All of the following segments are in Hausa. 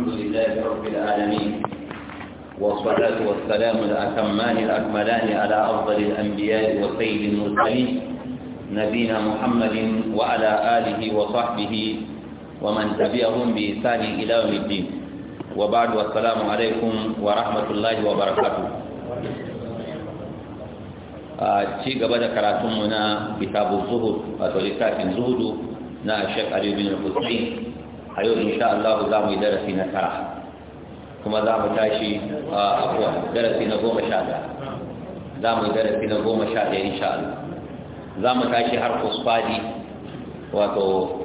الحمد لله رب العالمين والصلاة والسلام الأتمان الأكملان على أفضل الأنبياء وسيد المرسلين نبينا محمد وعلى آله وصحبه ومن تبعهم بإحسان إلى يوم الدين وبعد والسلام عليكم ورحمة الله وبركاته ci gaba da karatunmu na kitabun zuhud wato littafin zuhudu na shek aliyu bin al-husayn a yau insha Allah za mu yi darasi na tara kuma za mu tashi a afuwa darasi na goma sha ɗaya za mu yi darasi na goma sha ɗaya insha Allah za mu tashi har kusfadi wato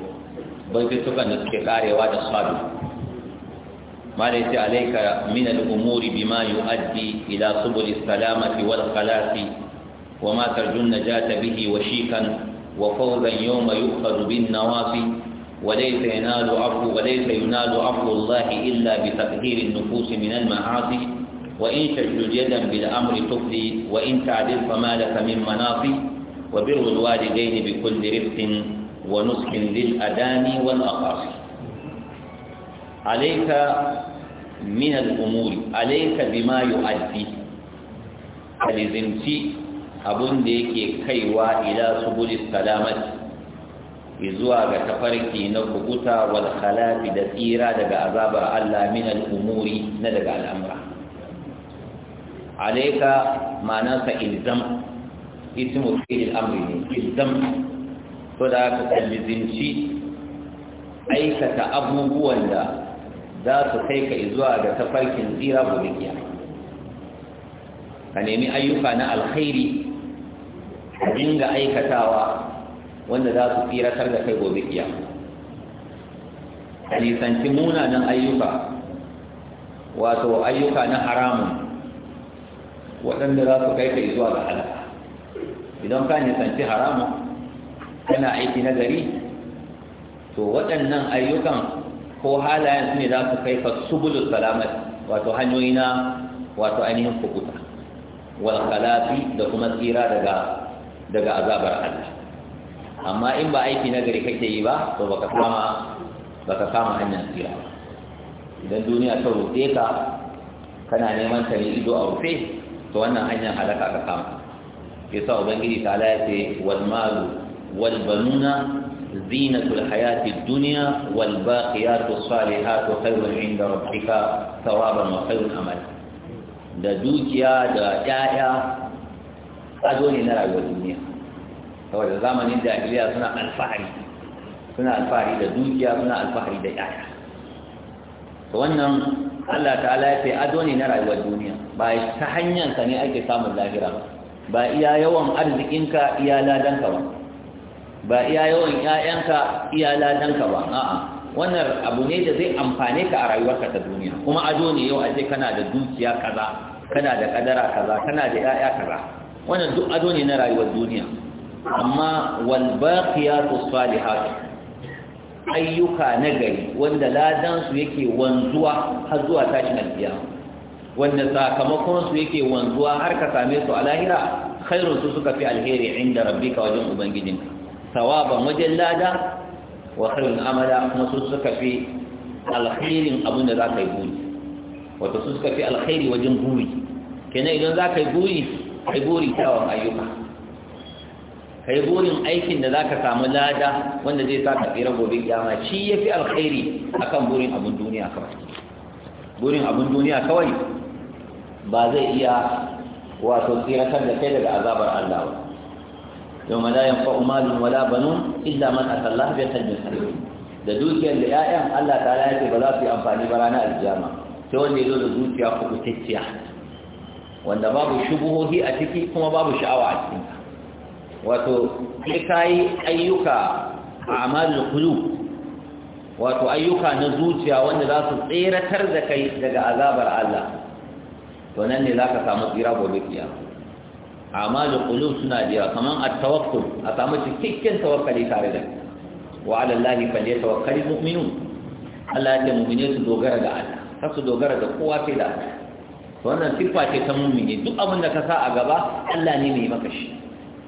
baitutukan da suke karewa da sadu malai sai alaika min al'umuri bima yu'addi ila subuli salamati wal khalasi wa ma tarjun najata bihi wa shikan wa fawzan yawma yu'khadhu bin nawafi وليس ينال عفو وليس ينال عفو الله إلا بتطهير النفوس من المعاصي وإن تشدد يدا بالأمر تفضي وإن تعدل فما لك من مناصي وبر الوالدين بكل رفق ونسك للأداني والأقاصي عليك من الأمور عليك بما يؤدي فلزمتي أبن ديكي كيوا إلى سبل السلامة zuwa ga tafarki na kubuta wal khalafi da tsira daga azabar Allah min al-umuri na daga al'amura alayka ma'ana sa ilzam ismu fi'il amri ne ilzam to da kalli zinci aikata abubuwan da za su kai ka zuwa ga tafarkin tsira gobe ka nemi ayyuka na alkhairi ka dinga aikatawa wanda za su tsiratar da kai gobe kiyama ka nisanci munanan ayyuka wato ayyuka na haramun waɗanda za su kai ka zuwa ga halaka idan ka nisanci haramun kana aiki na gari to waɗannan ayyukan ko halayen su ne za su kai ka subulu salamat wato hanyoyi na wato ainihin kukuta wal khalafi da kuma tsira daga azabar Allah amma in ba aiki na gari kake yi ba to baka kama baka kama hanyar tsira idan duniya ta rufe ka kana neman ta ne ido a rufe to wannan hanyar halaka ka kama yasa ubangiji ta ala ya ce wal malu wal banuna زينة الحياة الدنيا والباقيات الصالحات inda عند ربك ثوابا وخير أملا da dukiya da ƴaƴa ado ne na rayuwar duniya saboda zamanin jahiliya suna alfahari suna alfahari da dukiya suna alfahari da yaya to wannan Allah ta'ala ya ce ado ne na rayuwar duniya ba ta hanyar ka ne ake samun lahira ba iya yawan arzikinka iya ladanka ba ba iya yawan ƴaƴanka iya ladanka ba a'a wannan abu ne da zai amfane ka a rayuwarka ta duniya kuma ado ne yau a ce kana da dukiya kaza kana da kadara kaza kana da ƴaƴa kaza wannan duk ado ne na rayuwar duniya amma wal baqiyatu salihat ayyuka na gari wanda ladan su yake wanzuwa har zuwa tashin alfiya, wanda sakamakon su yake wanzuwa har ka same su a lahira khairun su suka fi alheri inda rabbika wajen ubangijinka sawaban wajen lada wa khairun amala kuma su suka fi alkhairin abin da za ka yi buri wato su suka fi alkhairi wajen buri kenan idan za ka yi buri kai buri kyawun ayyuka kai burin aikin da zaka samu lada wanda zai sa ka tsira gobe kiyama shi yafi alkhairi akan burin abun duniya kawai burin abun duniya kawai ba zai iya wato tsiratar da kai daga azabar Allah ba yawma la yanfa'u malun wala banun illa man ata Allah bi qalbin salim da dukiyar da 'ya'yan Allah ta ya ce ba za su yi amfani ba ranar aljama sai wanda ya zo da zuciya kubutacciya wanda babu shubuhohi a ciki kuma babu sha'awa a cikin wato sai ayyuka a amalin kulu wato ayyuka na zuciya wanda za su tseratar da kai daga azabar Allah to nan ne za ka samu tsira gobe kiyama amalin kulu suna jira kamar a tawakkul a samu cikakken tawakkali tare da wa ala Allah fa ya tawakkali mu'minun Allah ya mu'mine su dogara ga Allah kar su dogara da kowa sai da Allah wannan sifa ce ta mu'mini duk abin da ka sa a gaba Allah ne mai maka shi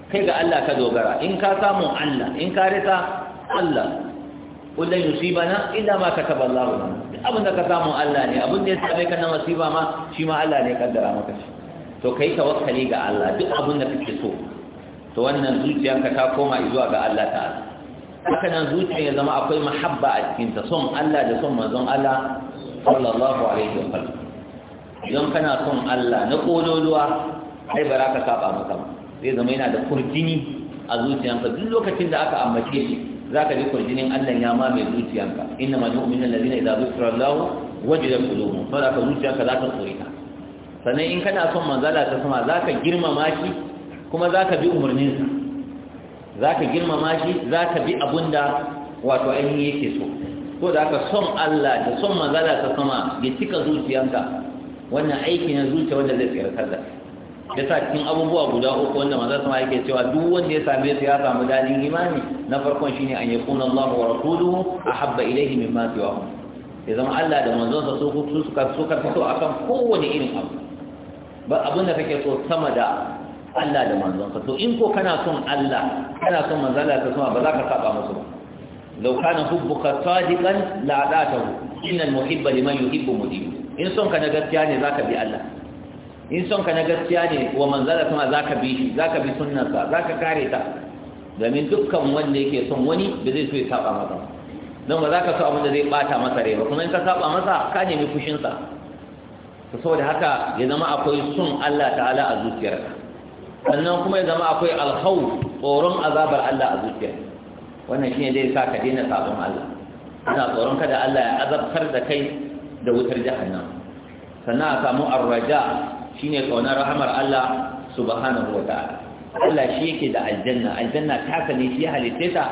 kai ga Allah ka dogara in ka samu Allah in ka rika Allah kullun yusibana Ila ma kataba Allah lana abin da ka samu Allah ne abin da ya same ka na masiba ma shi ma Allah ne kaddara maka shi to kai tawakkali ga Allah duk abin da kake so to wannan zuciyarka ta koma zuwa ga Allah ta'ala haka nan zuciya ya zama akwai mahabba a cikin ta son Allah da son manzon Allah sallallahu alaihi wa sallam idan kana son Allah na kololuwa ai baraka saba maka ba zai zama yana da kurjini a zuciyanka duk lokacin da aka ambace shi ka ji kurjinin Allah ya mame zuciyanka inna ma nu'min allazina idza dhukira Allah wajadat qulubuhum fa zaka zuciyanka ta qurita sannan in kana son manzala ta sama zaka girmama shi kuma za ka bi umurnin sa ka girmama shi ka bi abunda wato ainihin yake so ko da aka son Allah da son manzala ta sama ya cika zuciyanka wannan aiki na zuciya wanda zai tsirkar da ya sa cikin abubuwa guda uku wanda manzon sama yake cewa duk wanda ya same su ya samu dadin imani na farkon shine an yakuna Allah wa rasuluhu ahabba ilayhi mimma siwahu ya zama Allah da manzon sa su su suka suka fito akan kowane irin abu ba abin da kake so sama da Allah da manzon sa to in ko kana son Allah kana son manzon Allah ta sama ba za ka saba musu ba law kana hubbuka sadiqan la adatahu innal muhibba liman yuhibbu mudib in son ka na gaskiya ne zaka bi Allah in son ka na gaskiya ne wa manzala kuma za ka bi shi za ka bi sunnarsa za ka kare ta domin dukkan wanda yake son wani da zai so ya saba masa don ba za ka so abin da zai bata masa rai ba kuma in ka saba masa ka nemi fushinsa saboda haka ya zama akwai sun Allah ta'ala a zuciyarka sannan kuma ya zama akwai alhau tsoron azabar Allah a zuciyar. wannan shine zai sa ka daina sabon Allah ina tsoron kada Allah ya azabtar da kai da wutar jahannam sannan a samu arraja shine kaunar rahamar Allah subhanahu wa Allah shi yake da aljanna aljanna ta sane shi ya halitta ta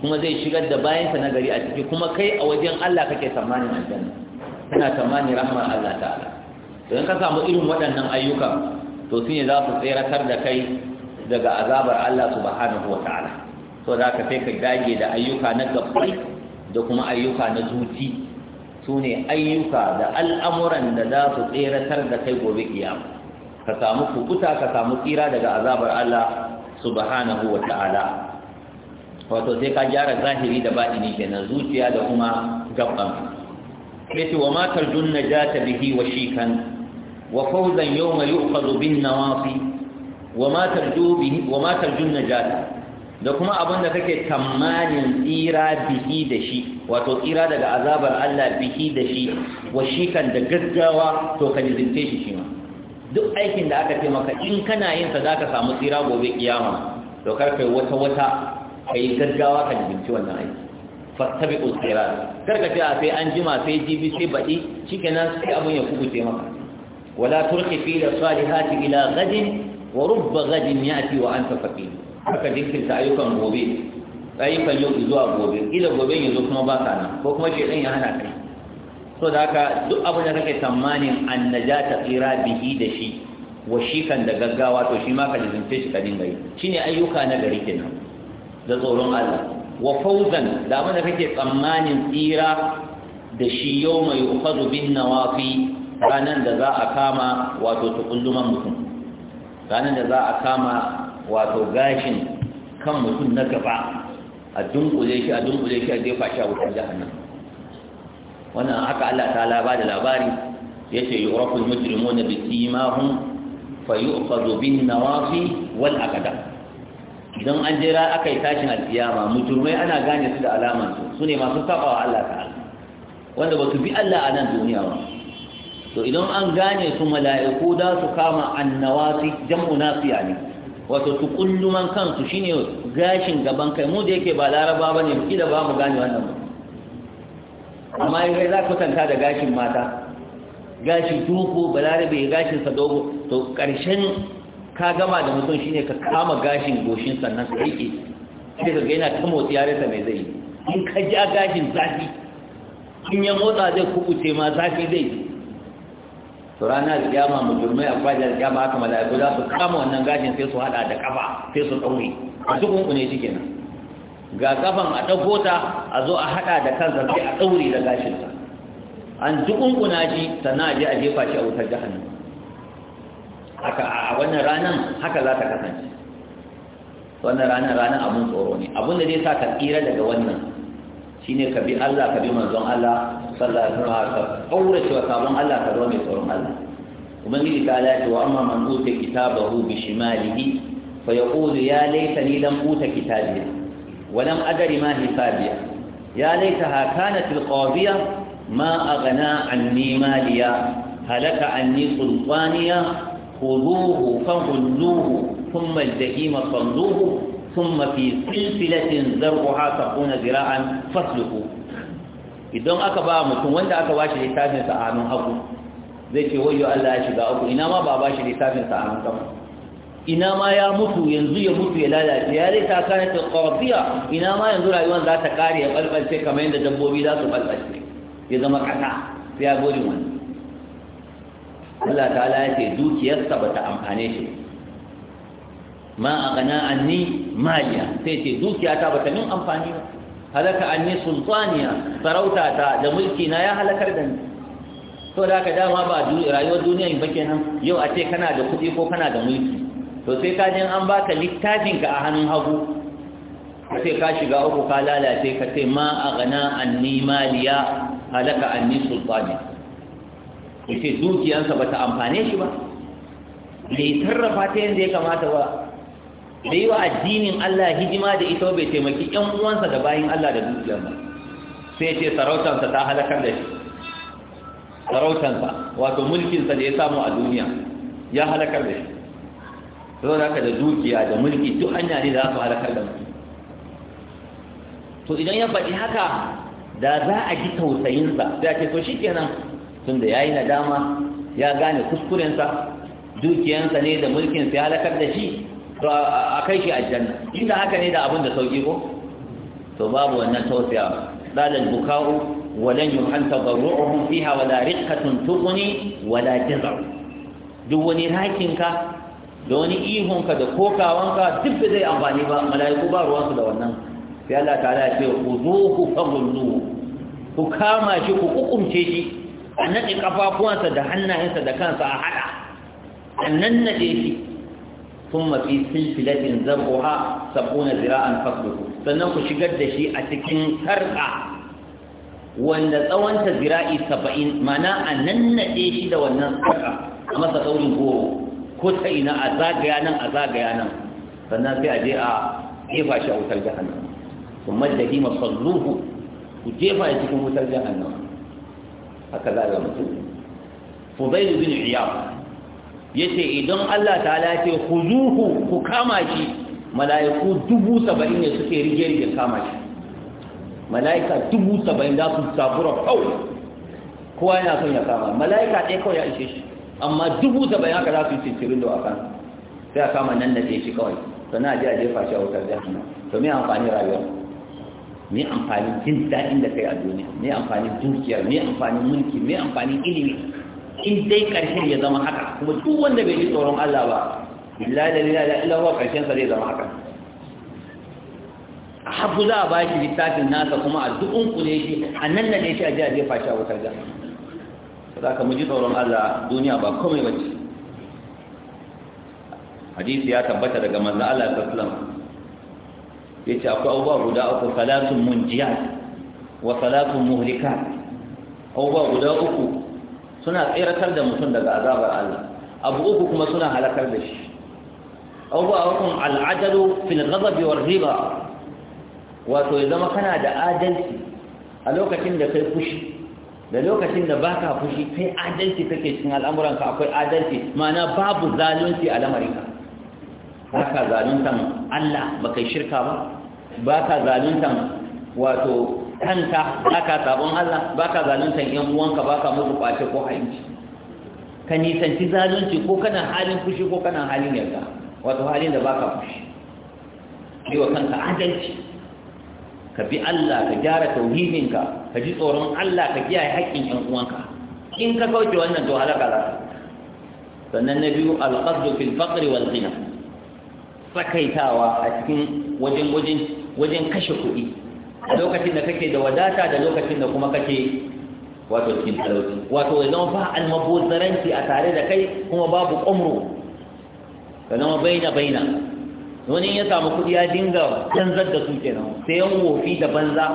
kuma zai shigar da bayansa na gari a ciki kuma kai a wajen Allah kake tsammanin aljanna kana tsammanin rahmar Allah ta'ala to in ka samu irin waɗannan ayyuka to su za su tseratar da kai daga azabar Allah subhanahu wa ta'ala to za ka sai ka dage da ayyuka na gabbai da kuma ayyuka na zuci su ne ayyuka da al'amuran da za su tseratar da kai gobe kiyama ka samu kukuta ka samu tsira daga azabar Allah subhanahu wa ta'ala wato sai ka gyara zahiri da baɗini kenan zuciya da kuma gaban yace wa matar ma ja ta bihi wa shikan wa fawzan yawma yu'khadhu bin nawafi wa ma tarju bihi wa ma tarjun najata da kuma abinda kake tamanin tsira bihi da shi wato tsira daga azabar Allah bihi da shi wa shi kan da gaggawa to ka nizinte shi shi ma duk aikin da aka taimaka, in kana yin sa zaka samu tsira gobe kiyama to kar kai wata wata yi gaggawa ka nizinci wannan aiki fastabiqul khairat kar ka ce a sai an jima sai jibi sai baɗi shikenan sai abun ya kubuce maka wala turqi fi salihati ila ghadin wa rubba ghadin ya'ti wa anta faqir haka dinkirta ayyukan gobe yi yau zuwa gobe ila gobe zo kuma ba ka nan ko kuma dan ya hana kai so da haka duk abin da kake tsammanin ta tsira bihi da shi wa shi kan da gaggawa to shi ma ka lizince shi ka dinga yi shine ayyuka na gari kenan da tsoron Allah wa fawzan da abin da kake tsammanin tsira da shi yau mai yukhadu bin nawafi ranan da za a kama wato tukunduman mutum ranan da za a kama wato gashin kan mutum na gaba a dunkule shi a dunkule shi a jefa shi a wutar jahannam wannan haka Allah ta laba da labari Ya ce yace yurafu mujrimuna bi simahum fa yu'khadhu bin nawafi wal aqdam idan an jira aka yi tashin alkiyama mujrimai ana gane su da alaman su su ne masu sabawa Allah ta'ala wanda ba su bi Allah a nan duniya ba to idan an gane su mala'iku da su kama annawafi jam'u nasiya ne wato tukulluman kansu shine gashin gaban kai mu da yake ba laraba ba ne kila ba mu gane wannan ba amma in za ku tanta da gashin mata gashi laraba balarabe gashin sa dogo to karshen ka gama da mutum shine ka kama gashin goshin sannan sai rike sai ka ga yana ta motsi mai zai in ka ja gashin zafi in ya motsa zai kubuce ma zafi zai to ranar alƙiyama mujurmai a fajar alƙiyama haka mala'iku za su kama wannan gashin sai su haɗa da kafa sai su ɗaure a duk ne shi kenan ga kafan a ɗauko ta a zo a haɗa da kansa sai a ɗaure da gashinsa an na shi sannan a je a jefa shi a wutar jahannan haka a wannan ranar haka za ta kasance wannan ranar ranar abun tsoro ne abun da zai sa ka tsira daga wannan shine ka bi Allah ka bi manzon Allah sallallahu alaihi wasallam ka aure cewa sabon Allah ka zo mai tsoron Allah ubangiji ta ala ce wa amma man uta kitabahu bi shimalihi fa yaqulu ya laitani lam uta kitabiya wa lam adri ma hisabiya ya laitaha kanat alqadiya ma aghna anni maliya halaka anni sultaniya khudhuhu fa ثم الجحيم صلوه thumma fi silsilatin zarquha sabuna zira'an fasluhu idan aka ba mutum wanda aka bashi littafin sa a hannun hagu zai ce wayo Allah ya shiga uku ina ma ba bashi littafin sa a hannun kama? ina ma ya mutu yanzu ya mutu ya lalace ya zai ta kana ta qadiya ina ma yanzu rayuwar za ta kare ya balbalce kamar yadda dabbobi za su balbalce ya zama kasa sai ya gode wani Allah ta'ala ya ce dukiyarsa ba ta amfane shi ma a an ni maliya sai ce dukiya ta bata min amfani ba halaka ni sultaniya sarauta ta da mulki na ya halakar da ni to da ka dama ba rayuwar duniya in ba kenan yau a ce kana da kuɗi ko kana da mulki to sai ka jin an baka littafin ka a hannun hagu sai ka shiga uku ka lalace ka ce ma a an ni maliya halaka ni sultaniya ce dukiyansa bata amfane shi ba bai sarrafa ta yadda ya kamata ba da yi wa addinin Allah hidima da ita bai taimaki ƴan uwansa da bayin Allah da dukiyar ba sai ce sarautansa ta halakar da shi sarautansa wato mulkinsa da ya samu a duniya ya halakar da shi sau da haka da dukiya da mulki duk hanya ne za su halakar da mutum to idan ya faɗi haka da za a ji tausayinsa sai a ce to shi kenan tun da ya yi nadama ya gane kuskurensa dukiyansa ne da mulkinsa ya halakar da shi to a kai shi aljanna inda haka ne da abin da sauki ko to babu wannan tausiyawa dalal bukau walan yuhal tadarruhum fiha wala riqqatun tughni wala jazar duk wani rakin ka da wani ihun ka da kokawan ka duk da zai amfani ba malaiku ba ruwan su da wannan sai Allah ta'ala ya ce khuduhu faghullu ku kama shi ku kukumce shi a naɗe ƙafafuwansa da hannayensa da kansa a haɗa a nannaɗe shi ثم في سلسلة زرعها سبعون ذراعا فصله sannan ku shigar da shi a cikin sarƙa wanda tsawonta zira'i saba'in mana a nannaɗe shi da wannan sarƙa a masa ɗaurin goro ko ta ina a zagaya nan a zagaya nan sannan sai a je a jefa shi a wutar jahannama su madadi masalluhu ku jefa shi cikin wutar jahannama haka za a yi mutum fudailu bin iyab yace idan Allah ta'ala ce khuzuhu ku kama shi mala'iku dubu saba'in ne suke rige rige kama shi mala'ika dubu saba'in za su sabura kawai kowa yana son ya kama mala'ika ɗaya kawai ya ishe shi amma dubu saba'in haka za su yi cincirin da wakan sai a kama nan da shi kawai sannan a je a jefa shi a wutar jahannam to me amfani rayuwa me amfani jin daɗin da kai a duniya me amfani dukiya me amfani mulki me amfani ilimi in dai ƙarshen ya zama haka kuma duk wanda bai ji tsoron Allah ba billahi da lillahi illa huwa ƙarshen sa zai zama haka a za a ba shi littafin nasa kuma a duk kule shi a nan da ne shi a ji a jefa shi a wutar da za ka muji tsoron Allah duniya ba komai ba ce hadisi ya tabbata daga manzo Allah sallallahu alaihi wasallam yace akwai abubuwa guda uku salatun munjiyat wa salatun muhlikat abubuwa guda uku suna tsiratar da mutum daga azabar Allah abu uku kuma suna halakar da shi abubuwa hukun al'adalu fil ghadabi war riba wato ya zama kana da adalci a lokacin da kai fushi da lokacin da baka fushi kai adalci kake cikin al'amuranka akwai adalci ma'ana babu zalunci a lamarinka baka zaluntan Allah baka shirka ba baka zaluntan wato Kanta baka sabon Allah baka zalunta yan uwanka baka musu kwace ko hanci ka nisanci zalunci ko kana halin fushi ko kana halin yarda wato halin da baka fushi yi wa kanka adalci ka bi Allah ka gyara tauhidinka ka ji tsoron Allah ka kiyaye haƙƙin ƴan uwanka in ka kauce wannan to halaka za ka sannan na biyu alqasdu fil faqri wal ghina sakaitawa a cikin wajen wajen wajen kashe kuɗi lokacin da kake da wadata da lokacin da kuma kake wato cikin talauci wato ya zama ba almabozaranci a tare da kai kuma babu ƙwamro ka zama baina baina wani ya samu kuɗi ya dinga canzar da su kenan sai yan wofi da banza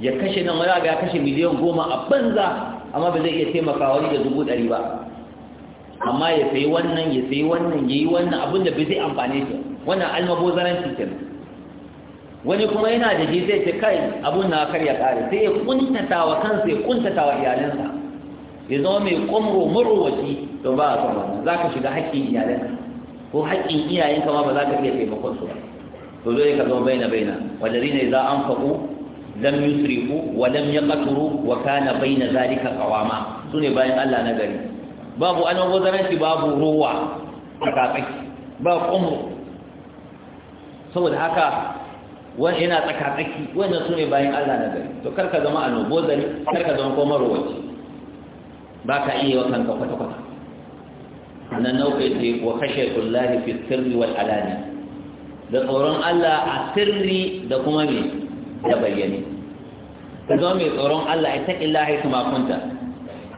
ya kashe nan wani abu ya kashe miliyan goma a banza amma ba zai iya taimaka wani da dubu ɗari ba amma ya sayi wannan ya sayi wannan ya yi wannan abin da bai zai amfane shi wannan almabozaranci kenan wani kuma yana da shi zai ce kai abun na karya kare sai ya kuntata wa kansa ya kuntata wa iyalansa ya zama mai kumro murwaci to ba a son wannan za ka shiga haƙƙin iyalinka. ko haƙƙin iyayenka ma ba za ka iya taimakon su ba to dole ka zama baina baina wallazina idza anfaqu lam yusrifu wa lam yaqturu wa kana baina zalika qawama sune bayan Allah na gari babu almubazaranci babu ruwa tsakatsaki ba kumro saboda haka wani yana tsakatsaki wani su ne bayan Allah na gari to karka zama a nobozari karka zama ko marowaci ba ka iya wa kanka kwata-kwata annan nau'i ce wa kashe kullahi fi sirri wal alani da tsoron Allah a sirri da kuma me da bayyane ka zama mai tsoron Allah ita illahi kuma kunta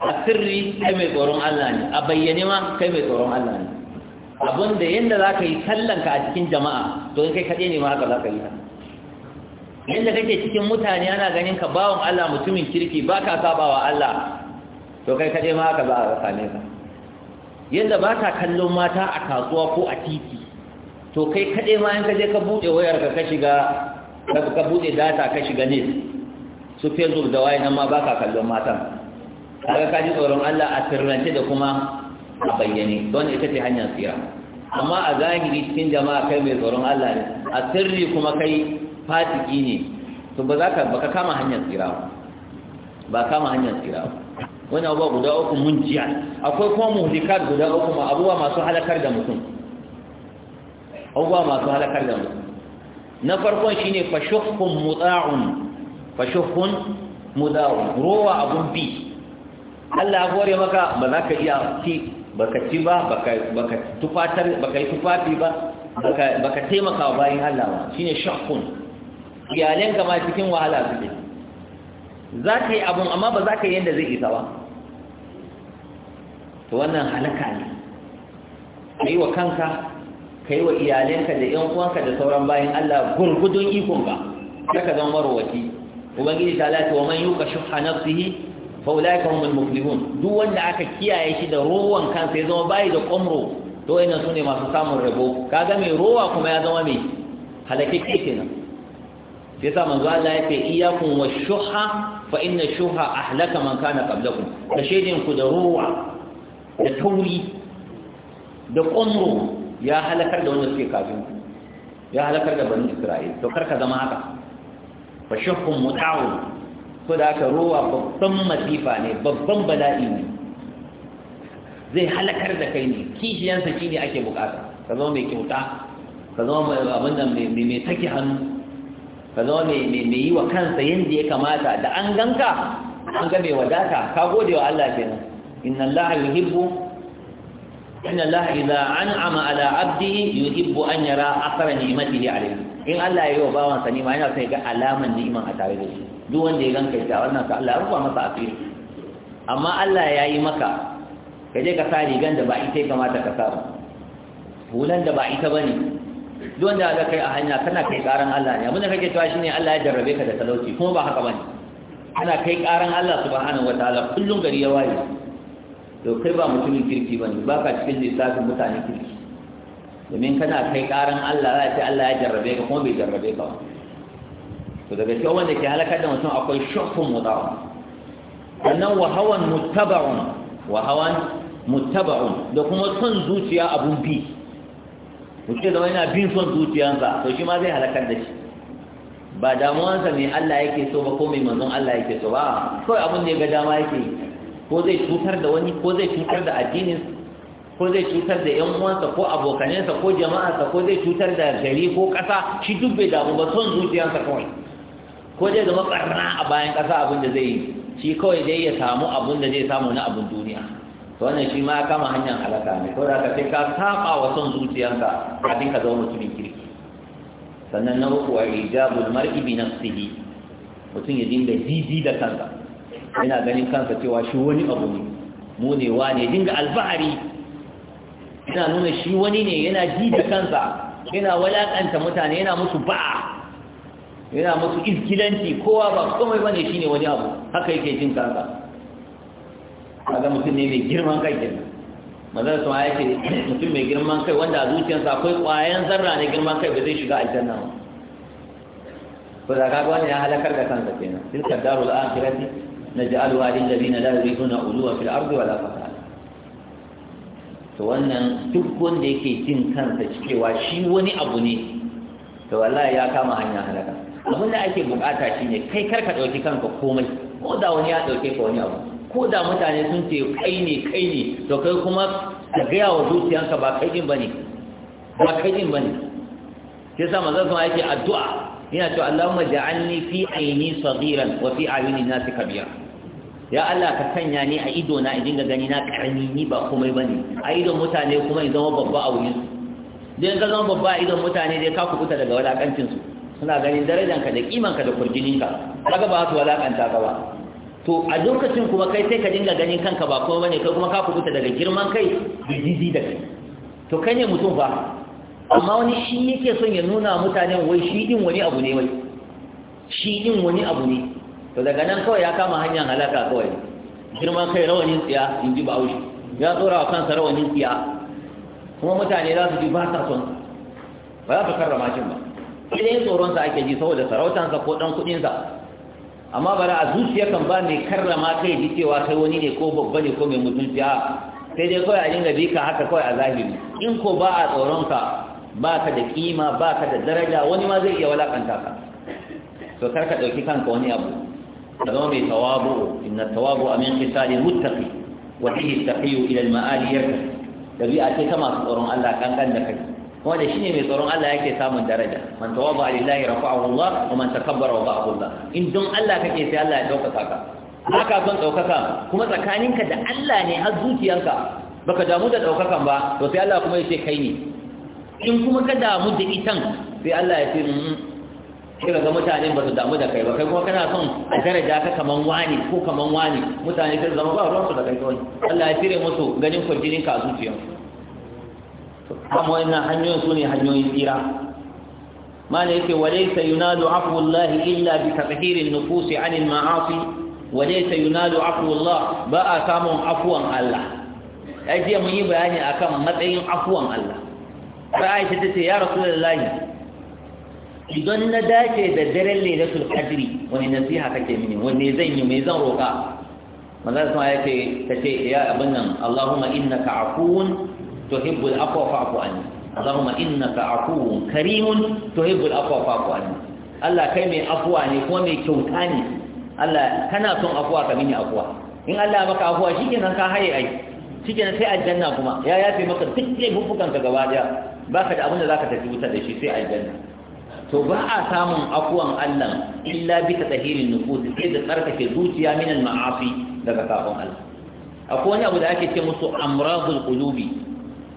a sirri kai mai tsoron Allah ne a bayyane ma kai mai tsoron Allah ne abinda yadda za ka yi sallanka a cikin jama'a don kai kaɗai ne ma haka za ka yi haka yadda kake cikin mutane ana ganin ka bawon Allah mutumin kirki ba ka sabawa Allah to kai kaɗai ma haka za a same ka yadda ba ka kallon mata a kasuwa ko a titi to kai kaɗai ma in ka je ka buɗe wayar ka shiga ka buɗe data ka shiga ne su facebook da wayan ma ba ka kallon matan kaga ka ji tsoron Allah a sirrance da kuma a bayyane don ita ce hanyar tsira amma a zahiri cikin jama'a kai mai tsoron Allah ne a sirri kuma kai fasiki ne to ba za ka baka kama hanyar tsira ba kama hanyar tsira wani abuwa guda uku mun jiya akwai kuma muhlikat guda uku ma abuwa masu halakar da mutum abuwa masu halakar da mutum na farkon shine fashuhkun muda'un fashuhkun muda'un rowa abun bi Allah ya gore maka ba za ka iya ci baka ci ba baka tufatar baka yi tufafi ba baka baka taimaka bayan bayin Allah ba shine shakun iyalanka ma cikin wahala suke za ka yi abun amma ba za ka yi yadda zai isa ba to wannan halaka ne ka yi wa kanka ka yi wa iyalanka da yan uwanka da sauran bayan Allah gurgudun ikon ba ka ka zama marowaci ubangiji ta lati wa man yuka shuhha nafsihi fa ulaika humul muflihun duk wanda aka kiyaye shi da rowan kansa ya zama bayi da komro to wayannan sune masu samun rabo kaga mai rowa kuma ya zama mai halake kenan sai sa manzo Allah ya ce iyyakum washuha fa inna shuha ahlaka man kana qablakum ka shedin ku da ruwa da tauri da qamru ya halakar da wanda suke kafin ku ya halakar da bani Isra'il to karka zama haka fa shuhum muta'awun ko da aka ruwa babban masifa ne babban bala'i ne zai halakar da kai ne kishiyansa shi ne ake bukata ka zama mai kyauta ka zama abin da mai take hannu ka zama mai yi wa kansa yadda ya kamata da an ganka an ga mai wadata ka gode wa Allah kenan inna Allah yuhibbu inna Allah idza an'ama ala 'abdihi hibbu an yara athara a alayhi in Allah yi wa bawan sa nima yana sai ga alaman ni'iman a tare da shi duk wanda ya ganka ita wannan sa Allah ya rufa masa a asiri amma Allah ya yi maka ka je ka sa rigan da ba ita ya kamata ka sa ba hulan da ba ita ba ne. duk wanda aka kai a hanya kana kai karan Allah ne abinda kake cewa shine Allah ya jarrabe ka da talauci kuma ba haka bane kana kai karan Allah subhanahu wataala kullum gari ya waye to kai ba mutumin kirki bane ba ka cikin lissafin mutane kirki domin kana kai karan Allah ya ce Allah ya jarrabe ka kuma bai jarrabe ka to daga cikin wanda ke halaka da mutum akwai shakkun mutawa sannan wa hawan muttaba'un wa hawan muttaba'un da kuma son zuciya abun bi mutum zama wani abin son zuciyansa to shi ma zai halakar da shi ba damuwansa mai Allah yake so ba ko mai manzon Allah yake so ba kawai abin da ya ga dama yake ko zai cutar da wani ko zai cutar da addinin ko zai cutar da yan uwansa ko abokanansa ko jama'arsa ko zai cutar da gari ko kasa shi duk bai damu ba son zuciyansa kawai ko zai zama karna a bayan kasa abin da zai yi shi kawai dai ya samu abin da zai samu na abin duniya wannan shi ma kama hanyar halaka ne ko da ka ce ka saba wa son zuciyarka kafin ka zama mutumin kirki sannan na uku wa ijabul mar'i bi nafsihi mutum ya dinga jiji da kansa yana ganin kansa cewa shi wani abu ne mu ne wa ne dinga alfahari yana nuna shi wani ne yana ji da kansa yana walakanta mutane yana musu ba'a yana musu izgilanci kowa ba komai bane shine wani abu haka yake jin kansa kaga mutum ne mai girman kai kenan manzon sama ya ce mutum mai girman kai wanda a zuciyarsa akwai ƙwayan zarra na girman kai ba zai shiga aljanna ba ko da kaga wannan ya halakar da kansa kenan kaddaru al akhirati naj'alu lil ladina la yuriduna uluwa fil ardi wala fasad to wannan duk wanda yake jin kansa cewa shi wani abu ne to wallahi ya kama hanya halaka abin da ake bukata shine kai karka dauki kanka komai ko da wani ya dauke ka wani abu ko da mutane sun ce kai ne kai ne to kai kuma ka gaya wa zuciyanka ba kai din bane ba kai din bane sai sa maza sama yake addu'a yana cewa Allahumma ja'alni fi aini saghiran wa fi ayuni nasi kabira ya Allah ka sanya ni a ido na idan ga gani na karami ni ba komai bane a idon mutane kuma in zama babba a wurin su dan ka zama babba a idon mutane dai ka kubuta daga wadakancinsu? su suna ganin darajanka da kimanka da kurjininka kaga ba su walakanta ka ba to a lokacin kuma kai sai ka dinga ganin kanka ba kuma bane kai kuma ka kubuta daga girman kai da da kai to kai ne mutum ba amma wani shi yake son ya nuna mutanen wai shi din wani abu ne wai shi din wani abu ne to daga nan kawai ya kama hanyar halaka kawai girman kai rawanin tsiya in ji bahaushe ya tsora wa kansa rawanin tsiya kuma mutane za su ji ba sa son ba za su karrama shi ba sai dai tsoronsa ake ji saboda sarautansa ko dan kuɗinsa amma Bari a zuciya kan ba mai karrama kai ji cewa kai wani ne ko babba ne ko mai mutunci a sai dai kawai a dinga bi ka haka kawai a zahiri in ko ba a tsoron ba ka da kima ba ka da daraja wani ma zai iya walakanta ka to kar ka ɗauki kanka wani abu ka zama mai tawabu inna tawabu min qitalil muttaki wa bihi taqiyu ila al ma'ali yarka a ce ta masu tsoron Allah kankan da kai wanda shine mai tsoron Allah yake samun daraja man tawaba lillahi rafa'ahu Allah wa man takabbara wa ba'ahu Allah in don Allah kake sai Allah ya daukaka ka haka son daukaka kuma tsakaninka da Allah ne har zuciyanka baka damu da daukakan ba to sai Allah kuma ya ce kai ne in kuma ka damu da itan sai Allah ya ce sai ga mutane ba su damu da kai ba kai kuma kana son a daraja ka kaman wani ko kaman wani mutane sai zama ba ruwansu da kai kawai Allah ya cire musu ganin kwarjinin ka a zuciyarsu amma na hanyoyin su ne hanyoyin tsira mana yake walaysa yunadu afu Allah illa bi tahirin nufusi anil ma'asi walaysa yunadu afu Allah ba a samun afuwan Allah ai jiya mun yi bayani akan matsayin afuwan Allah sai Aisha tace ya Rasulullahi idan na dace da daren lailatul qadri wani nasiha kake mini wani zan yi mai zan roka manzo sai yake tace ya abin nan Allahumma innaka afuwun tuhibbul afwa fa'fu anni Allahumma innaka afuwun karimun tuhibbul afwa fa'fu anni Allah kai mai afuwa ne kuma mai kyauta ne kana son afuwa ka mini afuwa in Allah maka afuwa shikenan ka haye ai shikenan sai aljanna kuma ya yafe maka duk laifukan ka gaba daya baka da abin da ka tafi wuta da shi sai to ba a samun afuwan Allah illa bi tatahirin nufus sai da tsarkake zuciya minan ma'afi daga kafin Allah akwai wani abu da ake ce musu amradul qulubi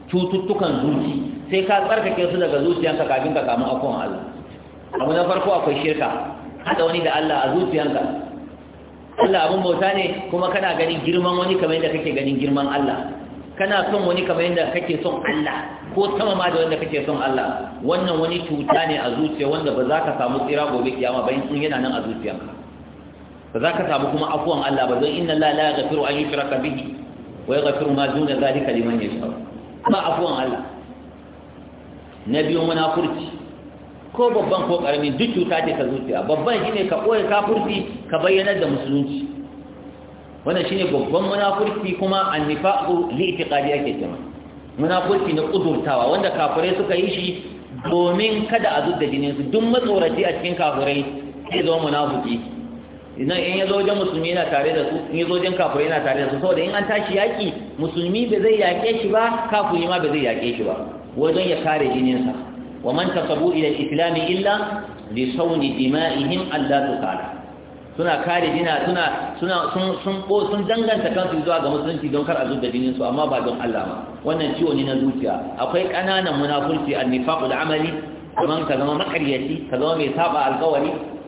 cututtukan zuci sai ka tsarkake su daga zuciyanka kafin ka kamu afuwan Allah abu na farko akwai shirka hada wani da Allah a zuciyanka Allah abin bauta ne kuma kana ganin girman wani kamar yadda kake ganin girman Allah kana son wani kamar yadda kake son Allah ko sama ma da wanda kake son Allah wannan wani cuta ne a zuciya wanda ba za ka samu tsira gobe kiyama ba in yana nan a zuciyanka ba za ka samu kuma afuwan Allah ba don inna Allah la yaghfiru an yushraka bihi wa yaghfiru ma duna zalika liman yashaa ba afuwan Allah na biyu munafurci ko babban ko karamin duk cuta ce ta zuciya babban shine ka koyi kafurci ka bayyanar da musulunci wannan shine babban munafurci kuma annifaqu li itiqadi ake cewa munafurci na kudurtawa wanda kafirai suka yi shi domin kada a zudda jinin su duk matsoraci a cikin kafirai zai zama munafiki idan in ya zo wajen musulmi yana tare da su in ya zo wajen kafirai yana tare da su saboda in an tashi yaƙi musulmi ba zai yaƙe shi ba kafiri ma ba zai yaƙe shi ba wajen ya kare jininsa wa man tasabu ila al-islam illa li sawni dima'ihim alla tuqala suna kare jina suna suna sun sun sun danganta kansu zuwa ga musulunci don kar a zuba jinin su amma ba don Allah ba wannan ciwo ne na zuciya akwai kananan munafurci an-nifaq al-amali kaman ka zama makaryaci ka zama mai saba alƙawari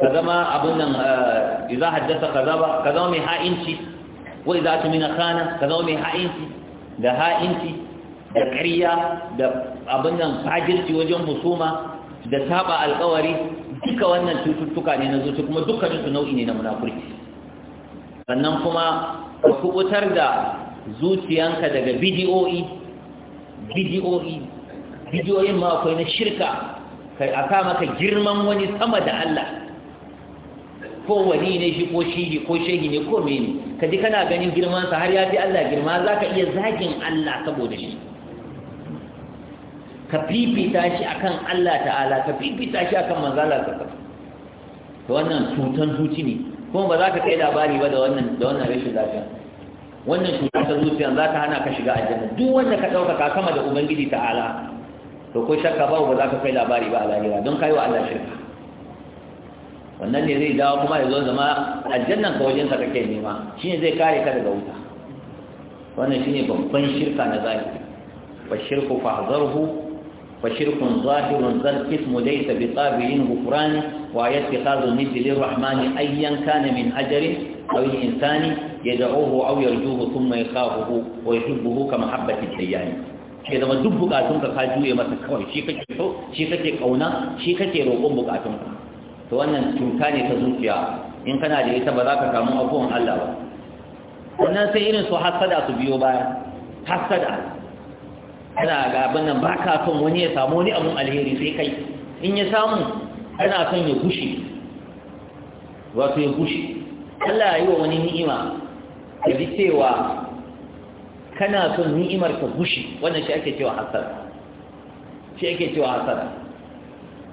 ka zama abin nan eh, idza haddasa ka zama mai ha'inci wai wa idza tumina khana ka zama mai ha'inci da ha'inci da ƙarya da abin nan fajirci wajen musuma da taɓa alƙawari duka wannan cututtuka ne na zuci kuma dukkanin su nau'i ne na munafurci sannan kuma ka kubutar da zuciyanka daga bidiyoyi bidiyoyi bidiyoyin ma akwai na shirka a kama ka girman wani sama da Allah ko wani ne shi ko shi ko shehi ne ko mene ka ji kana ganin girmansa har ya fi Allah girma za ka iya zagin Allah saboda shi ka fifita shi akan Allah ta'ala ka fifita shi akan manzala ka to wannan cutan zuci ne kuma ba za ka kai labari ba da wannan da wannan rashin lafiya wannan cuta ta zuciya za ta hana ka shiga aljanna duk wanda ka ɗaukaka sama da ubangiji ta'ala to ko shakka ba ba za ka kai labari ba a lahira don kai wa Allah shirka wannan ne zai dawo kuma ya zo zama aljannan ka wajen kake nema shi zai kare ka daga wuta wannan shi ne babban shirka na zahiri wa shirku fa zarhu wa shirku zahirun zal ismu laysa bi tabi'in ghufran wa yattakhadhu min dilir rahmani ayyan kana min ajri aw insani yad'uhu aw yarjuhu thumma yakhafuhu wa yuhibbuhu kama habbati tayyan ke zama duk bukatun ka ka juye masa kawai shi kake so shi kake kauna shi kake roƙon bukatun ka to wannan cuta ne ta zuciya in kana da ita ba za ka kamu abuwan Allah ba wannan sai irin su hasada su biyo baya hasada kana ga abin nan ba ka son wani ya samu wani abun alheri sai kai in ya samu kana son ya gushe wato ya gushe Allah ya yi wa wani ni'ima ya bi cewa kana son ni'imar ka gushe wannan shi ake cewa hasara shi ake cewa hasara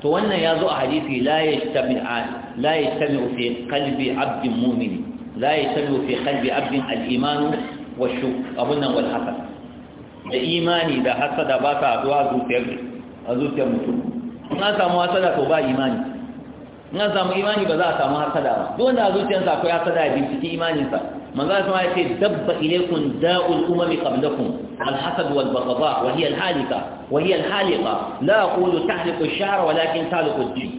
to wannan ya zo a hadisi la yajtami'a la yajtami'u fi qalbi 'abdin mu'min la yajtami'u fi qalbi 'abdin al-iman wa shuk abunna wal hasad da imani da hasada ba ta zuwa zuciyar a zuciyar mutum in an samu hasada to ba imani in an samu imani ba za a samu hasada ba duk wanda a zuciyarsa akwai hasada ya binciki imaninsa manzo sama ya ce dabba ilaykum da'ul umami qablakum al-hasad wal baghdha wa hiya al-halika wa hiya al-haliqa la aqulu tahliqu ash-sha'ra walakin tahliqu ad-din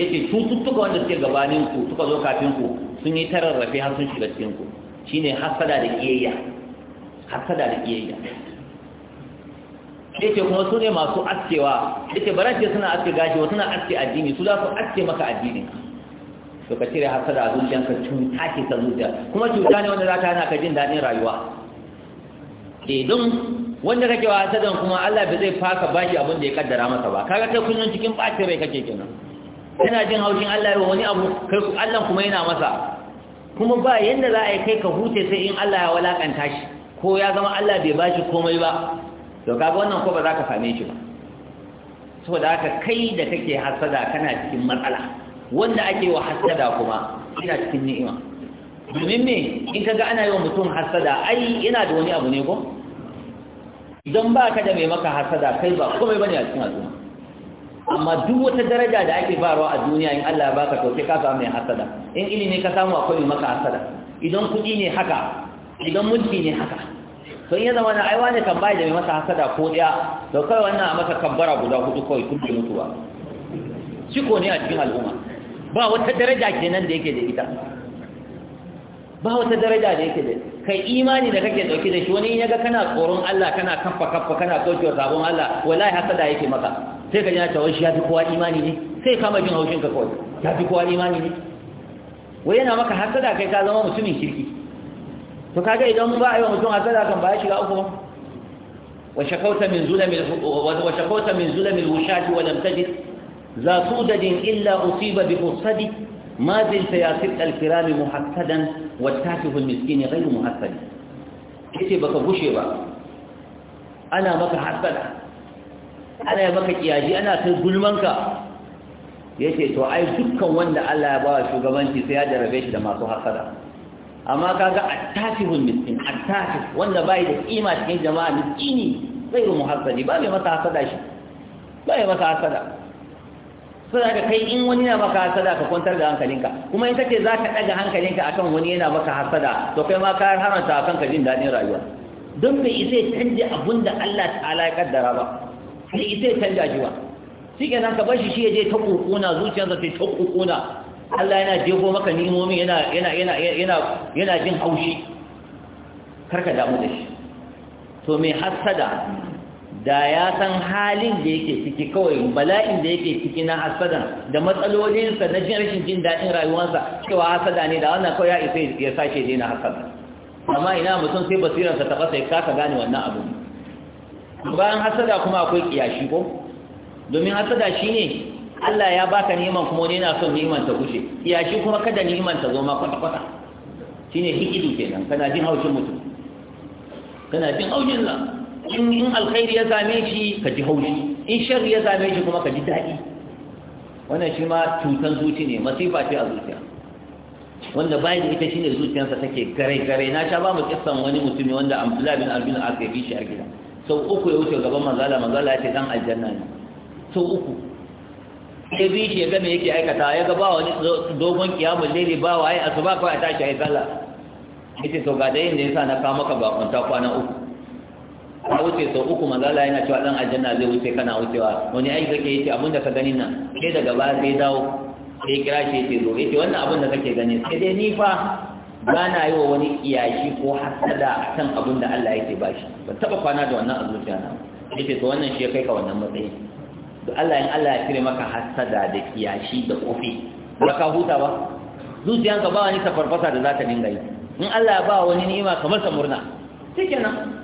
yace cututtuka wanda suke gabanin ku suka zo kafin ku sun yi tararrafe har sun shiga cikin ku shine hasada da kiyayya hasada da kiyayya yake kuma su ne masu askewa yake baran ce suna aske gashi wa suna aske addini su za su aske maka addini to ka cire hasada a zuciyanka cuta ce ta zuciya kuma cuta ne wanda za ta hana ka jin daɗin rayuwa eh don wanda kake wa hasadan kuma Allah bai zai faka bashi abin da ya kaddara masa ba kaga kai kullun cikin bacin rai kake kenan kana jin haushin Allah ya wani abu kai Allah kuma yana masa kuma ba yanda za a yi kai ka huce sai in Allah ya walakanta shi ko ya zama Allah bai bashi komai ba to kaga wannan ko ba za ka same shi ba saboda haka kai da kake hasada kana cikin matsala wanda ake wa hasada kuma ina cikin ni'ima domin me in kaga ana yi wa mutum hasada ai yana da wani abu ne ko idan ba ka da mai maka hasada kai ba komai ba ne a cikin al'umma amma duk wata daraja da ake farawa a duniya in Allah ya baka to sai ka samu mai hasada in ilimi ka samu akwai mai maka hasada idan kuɗi ne haka idan mulki ne haka to in ya zama na aiwa ne kan bai da mai masa hasada ko ɗaya to kai wannan a masa kabbara guda hudu kawai kun bi mutuwa ciko ne a cikin al'umma ba wata daraja ke nan da yake da ita ba wata daraja da yake da kai imani da kake dauke da shi wani ga kana tsoron Allah kana kaffa kaffa kana kaucewa sabon Allah wallahi hasada yake maka sai ka ji ta shi ya fi kowa imani ne sai kama jin haushin ka kawai ya fi kowa imani ne wai yana maka hasada kai ka zama mutumin kirki to kaga idan ba a yi wa mutum hasada kan ba ya shiga uku ba wa shakauta min zulmi wa shakauta min zulmi al-wushati wa lam tajid ذا سودج إلا أصيب بفرصد ما زلت يا سبت الكرام محسدا والتافه المسكين غير محسد كيف بك بشبا أنا بك حسدا أنا بك إياجي أنا تقول منك ya ce to ai dukkan wanda Allah ya ba wa shugabanci sai ya jarabe shi da masu hasada amma kaga attafihul miskin attafih wanda bai da kima cikin jama'a miskini zai rumu hasadi ba mai masa hasada shi ba masa hasada so da kai in wani na maka hasada ka kwantar da hankalinka kuma in kace za ka ɗaga hankalinka akan wani yana maka hasada to kai ma ka haramta akan ka jin daɗin rayuwa don bai isa ya canja abin da Allah ta'ala ya kaddara ba bai isa ya canja shi ba shi ka bar shi shi ya je ta ƙuƙuna zuciyarsa ta ta ƙuƙuna Allah yana jefo maka nimomi yana yana yana yana yana jin haushi karka damu da shi to mai hasada da ya san halin da yake ciki kawai bala'in da yake ciki na hasada da matsalolinsa na jin rashin jin daɗin rayuwarsa cewa hasada ne da wannan kawai ya isa ya sake daina hasada amma ina mutum sai basirarsa ta fasa ya kasa gane wannan abu bayan hasada kuma akwai kiyashi ko domin hasada ne, Allah ya baka neman kuma wani yana son ni'iman ta kushe kiyashi kuma kada ni'iman ta zo ma kwata-kwata ne hikidu kenan kana jin haushin mutum kana jin haushin Allah in in alkhairi ya same shi ka ji haushi in sharri ya same shi kuma ka ji daɗi wannan shi ma cutan zuci ne masifa ce a zuciya wanda bayan da ita shi ne zuciyarsa take gare-gare na sha ba mu kissan wani mutumi wanda abdullahi bin albin aka yi shi a gida sau uku ya wuce gaban mazala mazala ya ce dan aljanna ne sau uku ya bi shi ya ga me yake aikata ya ga ba wani dogon kiyamu laili ba wa ai asuba kawai a tashi ai sallah yace to ga da yin da yasa na kawo maka kwanta kwana uku ka wuce sau uku maza manzala yana cewa dan aljanna zai wuce kana wucewa wani aiki kake yace abin da ka gani nan sai daga gaba sai dawo sai kira shi yace zo yace wannan abin da kake gani sai dai ni fa ba na yi wa wani iyashi ko hasada kan abin da Allah yake bashi ban taba kwana da wannan a zuciya na yace to wannan shi ya kai ka wannan matsayi to Allah in Allah ya kire maka hasada da iyashi da kofi ba ka huta ba zuciyanka ba wani safarfasa da za ta dinga yi in Allah ya ba wani ni'ima kamar sa murna shikenan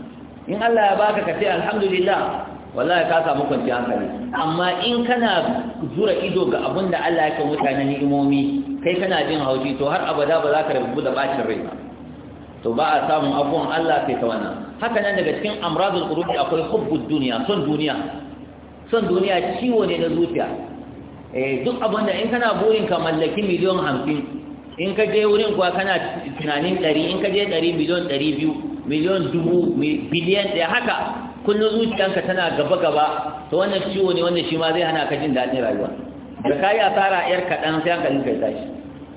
in Allah ya baka ka ce alhamdulillah wallahi ka samu kwanci hankali amma in kana zura ido ga abin da Allah ya kai mutane ni'imomi kai kana jin haushi to har abada ba za ka rabu da bacin rai to ba a samun abuwan Allah sai ta wannan haka nan daga cikin amradul qulubi akwai hubbud duniya son duniya son duniya ciwo ne na zuciya eh duk abin da in kana burin ka mallaki miliyon 50 in ka je wurin kuwa kana tunanin 100 in ka je 100 miliyon 200 miliyon dubu biliyan ɗaya haka kullum zuciyanka tana gaba-gaba ta wannan ciwo ne wanda shi ma zai hana ka jin daɗin rayuwa da ka yi asara yar kaɗan sai an ka kai tashi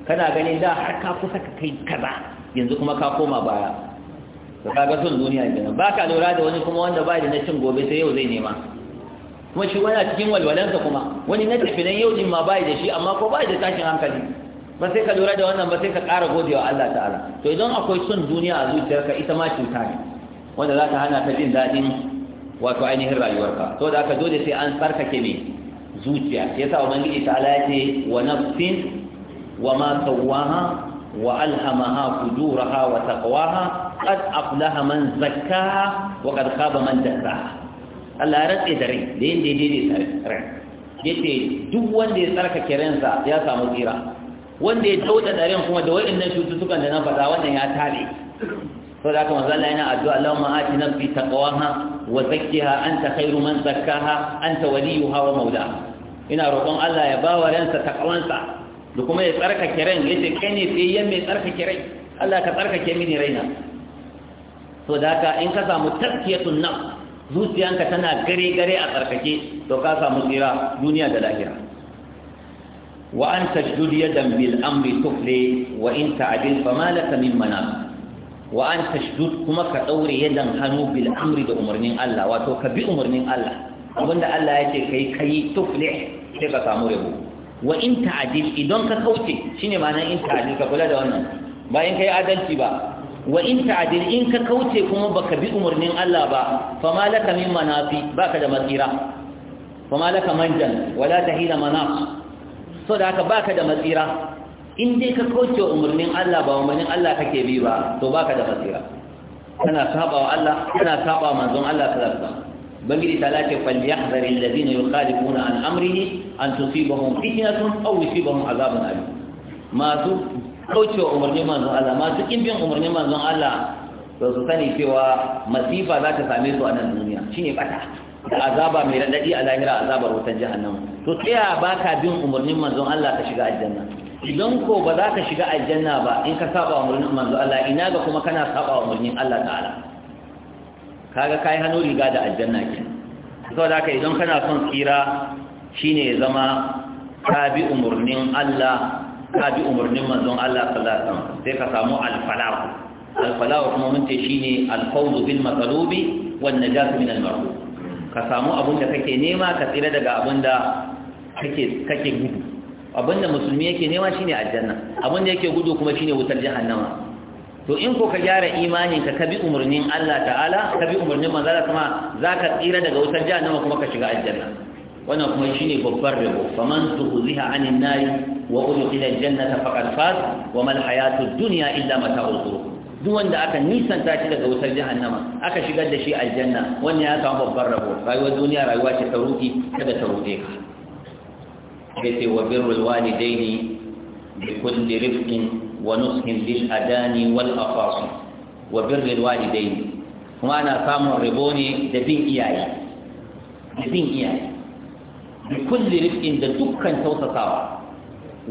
kana ganin da har ka kusa ka kai kaza yanzu kuma ka koma baya ka kaga son duniya kenan ba ka lura da wani kuma wanda ba da na cin gobe sai yau zai nema kuma shi wani a cikin walwalansa kuma wani na tafi nan yau din ma ba da shi amma ko ba da tashin hankali ba sai ka lura da wannan ba sai ka ƙara godewa Allah ta'ala to idan akwai son duniya a zuciyarka ita ma cuta ne wanda za ta hana ta jin daɗin wato ainihin rayuwarka to da aka dole sai an tsarkake ne zuciya ya yasa ubangiji ta'ala ya ce wa nafsin wa ma sawwaha wa alhamaha fujuraha wa taqwaha qad aflaha man zakkaha wa qad khaba man dassaha Allah ya rantse da rai da yin daidai da rai yace duk wanda ya tsarkake ransa ya samu tsira wanda ya tauta ɗarin kuma da waɗannan cututtukan da na faɗa wannan ya tare sau da aka manzo Allah yana addu'a Allahumma ati nafsi taqwaha wa zakkiha anta khairu man ta anta waliyuha wa mawlaha ina roƙon Allah ya bawa ransa taqwansa da kuma ya tsarkake ran yace kai ne sai yan mai tsarkake rai Allah ka tsarkake mini raina sau da haka in ka samu tazkiyatun nafs zuciyanka tana gare gare a tsarkake to ka samu tsira duniya da lahira wa an tashdud yadan bil amri tufli wa in ta'dil fama laka min manam kuma ka daure yadan hannu bil amri da umarnin Allah wato ka bi umarnin Allah abinda Allah yake kai kai tufli sai ka samu rabo wa in idan ka kauce shine ma'anar in ta'dil ka kula da wannan ba in kai adalci ba wa in in ka kauce kuma baka bi umarnin Allah ba baka da masira fama wala tahila manaf so da haka baka da matsira in dai ka kauce umarnin Allah ba umarnin Allah kake bi ba to baka da matsira kana sabawa Allah kana saba manzon Allah sallallahu alaihi wasallam بغير ثلاثة فليحذر الذين يخالفون an أمره أن تصيبهم فتنة أو يصيبهم عذاب أليم ما سو kauce wa umarnin manzon Allah masu bin umarnin manzon Allah ba su sani cewa masifa za ta same su a nan duniya shine bata da azaba mai radadi a lahira azabar wutar jahannama to tsaya baka bin umarnin manzon Allah ka shiga aljanna idan ko ba za ka shiga aljanna ba in ka saba wa umarnin manzon Allah ina ga kuma kana saba wa umarnin Allah ta'ala kaga kai hannu riga da aljanna ke da haka idan kana son tsira shine ya zama ka bi umarnin Allah ka bi umarnin manzon Allah sallallahu alaihi wasallam sai ka samu al-falah al-falah kuma mun ce shine al-fawz bil matlubi wan najat min al-marhub ka samu abin da kake nema ka tsira daga abin da kake gudu abin da musulmi yake nema shine aljanna abin da yake gudu kuma shine wutar jahannama to in ko ka gyara imaninka ka bi umarnin Allah ta'ala ka bi umarnin manzo Allah kuma zaka tsira daga wutar jahannama kuma ka shiga aljanna wannan kuma shine babbar rabo faman tuziha anin nari wa udkhila aljannata faqad faz wa mal hayatud dunya illa mata'ul ghurur duk wanda aka nisanta shi daga wutar jahannama aka shigar da shi aljanna wannan ya samu babbar rabo rayuwar duniya rayuwa ce ta ruki kada ta ruɗe ka sai wa birrul walidaini bi kulli rifqin wa nushin lil adani wal afasi wa birrul walidaini kuma ana samun rabo ne da bin iyaye da bin iyaye bi kulli rifqin da dukkan tausasawa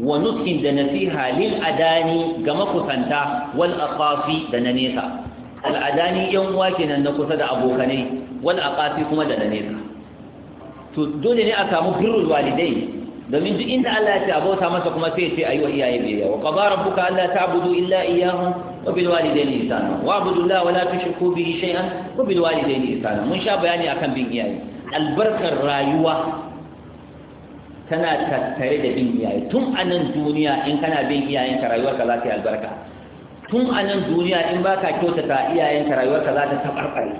wa nutkin da nasiha lil adani ga makusanta wal aqafi da na nesa al adani yan uwa kenan na kusa da abokanai wal aqafi kuma da na nesa to dole ne a samu birrul walidai domin duk inda Allah ya ce abota masa kuma sai ya ce ayi wa iyaye biyayya wa qadara rabbuka alla ta'budu illa iyyahu wa bil walidayni ihsana wa abudu Allah wa la tushriku bihi shay'an wa bil walidayni ihsana mun sha bayani akan bin iyaye albarkar rayuwa tana tattare da bin iyaye tun a nan duniya in kana bin iyayenka rayuwarka za ta yi albarka tun a nan duniya in ba ka kyautata iyayenka rayuwarka za ta taɓarɓare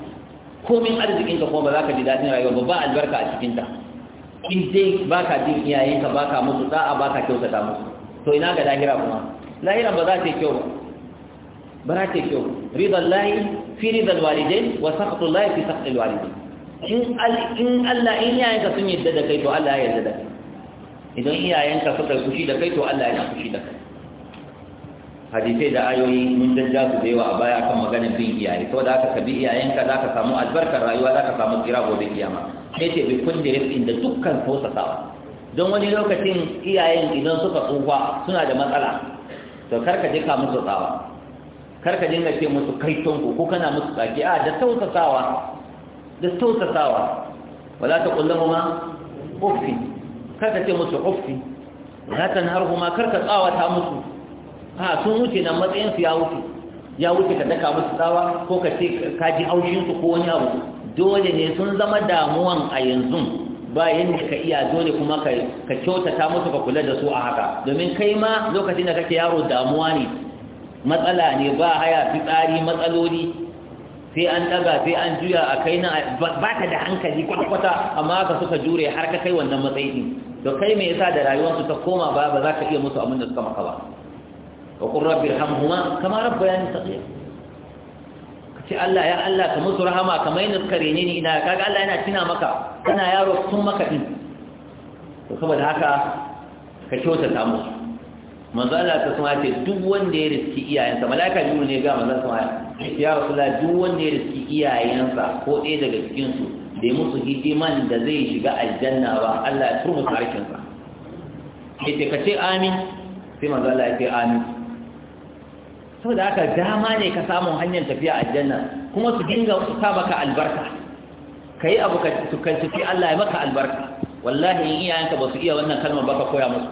komin arzikinka kuma ba za ka ji daɗin rayuwar ba ba albarka a cikinta in dai ba ka bin iyayenka ba ka musu da'a ba ka kyautata musu to ina ga lahira kuma lahira ba za ta yi kyau ba ba za ta yi kyau ridan lahi fi ridan walidai wa sakatun lahi fi sakatun walidai in Allah in yayanka sun yadda da kai to Allah ya yadda da kai idan iyayenka suka yi fushi da kai to Allah yana kushi da kai hadisai da ayoyi mun jajja su da yawa a baya kan maganin bin iyaye to da aka kabi iyayenka za ka samu albarkar rayuwa za ka samu kira gobe kiyama sai ce bi kun da rifin da dukkan tausasawa don wani lokacin iyayen idan suka tsufa suna da matsala to karka je ka musu tsawa karka dinga ce musu kaiton ku ko kana musu tsaki a da tausasawa da tausasawa wala ta kullama ma uffin karka ce musu uffi la ma karka tsawata musu ha sun wuce nan matsayin su ya wuce ya wuce ka daka musu tsawa ko ka ce ka ji ko wani abu dole ne sun zama damuwan a yanzu ba yanda ka iya dole kuma ka kyautata musu ka kula da su a haka domin kai ma lokacin da kake yaro damuwa ne matsala ne ba haya fitsari matsaloli sai an daga sai an juya a kai na ba ta da hankali kwata-kwata amma ka suka jure har ka kai wannan matsayi to kai me yasa da rayuwarsu ta koma ba ba za ka iya musu abin da suka maka ba wa qur rabbi irhamhuma kama rabbayani saghira kace Allah ya Allah ka musu rahama kamar yadda suka rene ni ina kaga Allah yana tina maka kana yaro sun maka din to saboda haka ka kyauta ta musu manzo Allah ta kuma ce duk wanda ya riski iyayensa malaika jibril ne ga manzo kuma ya rasulullah duk wanda ya riski iyayensa ko ɗaya daga cikin su bai musu hidiman da zai shiga aljanna ba Allah ya turmu harshen harkinsa. Ita ka ce amin sai manzo Allah ya ce amin saboda haka dama ne ka samu hanyar tafiya aljanna kuma su dinga su sa maka albarka kai abu ka tukan tafi Allah ya maka albarka wallahi in iyayenka ba su iya wannan kalmar ba ka koya musu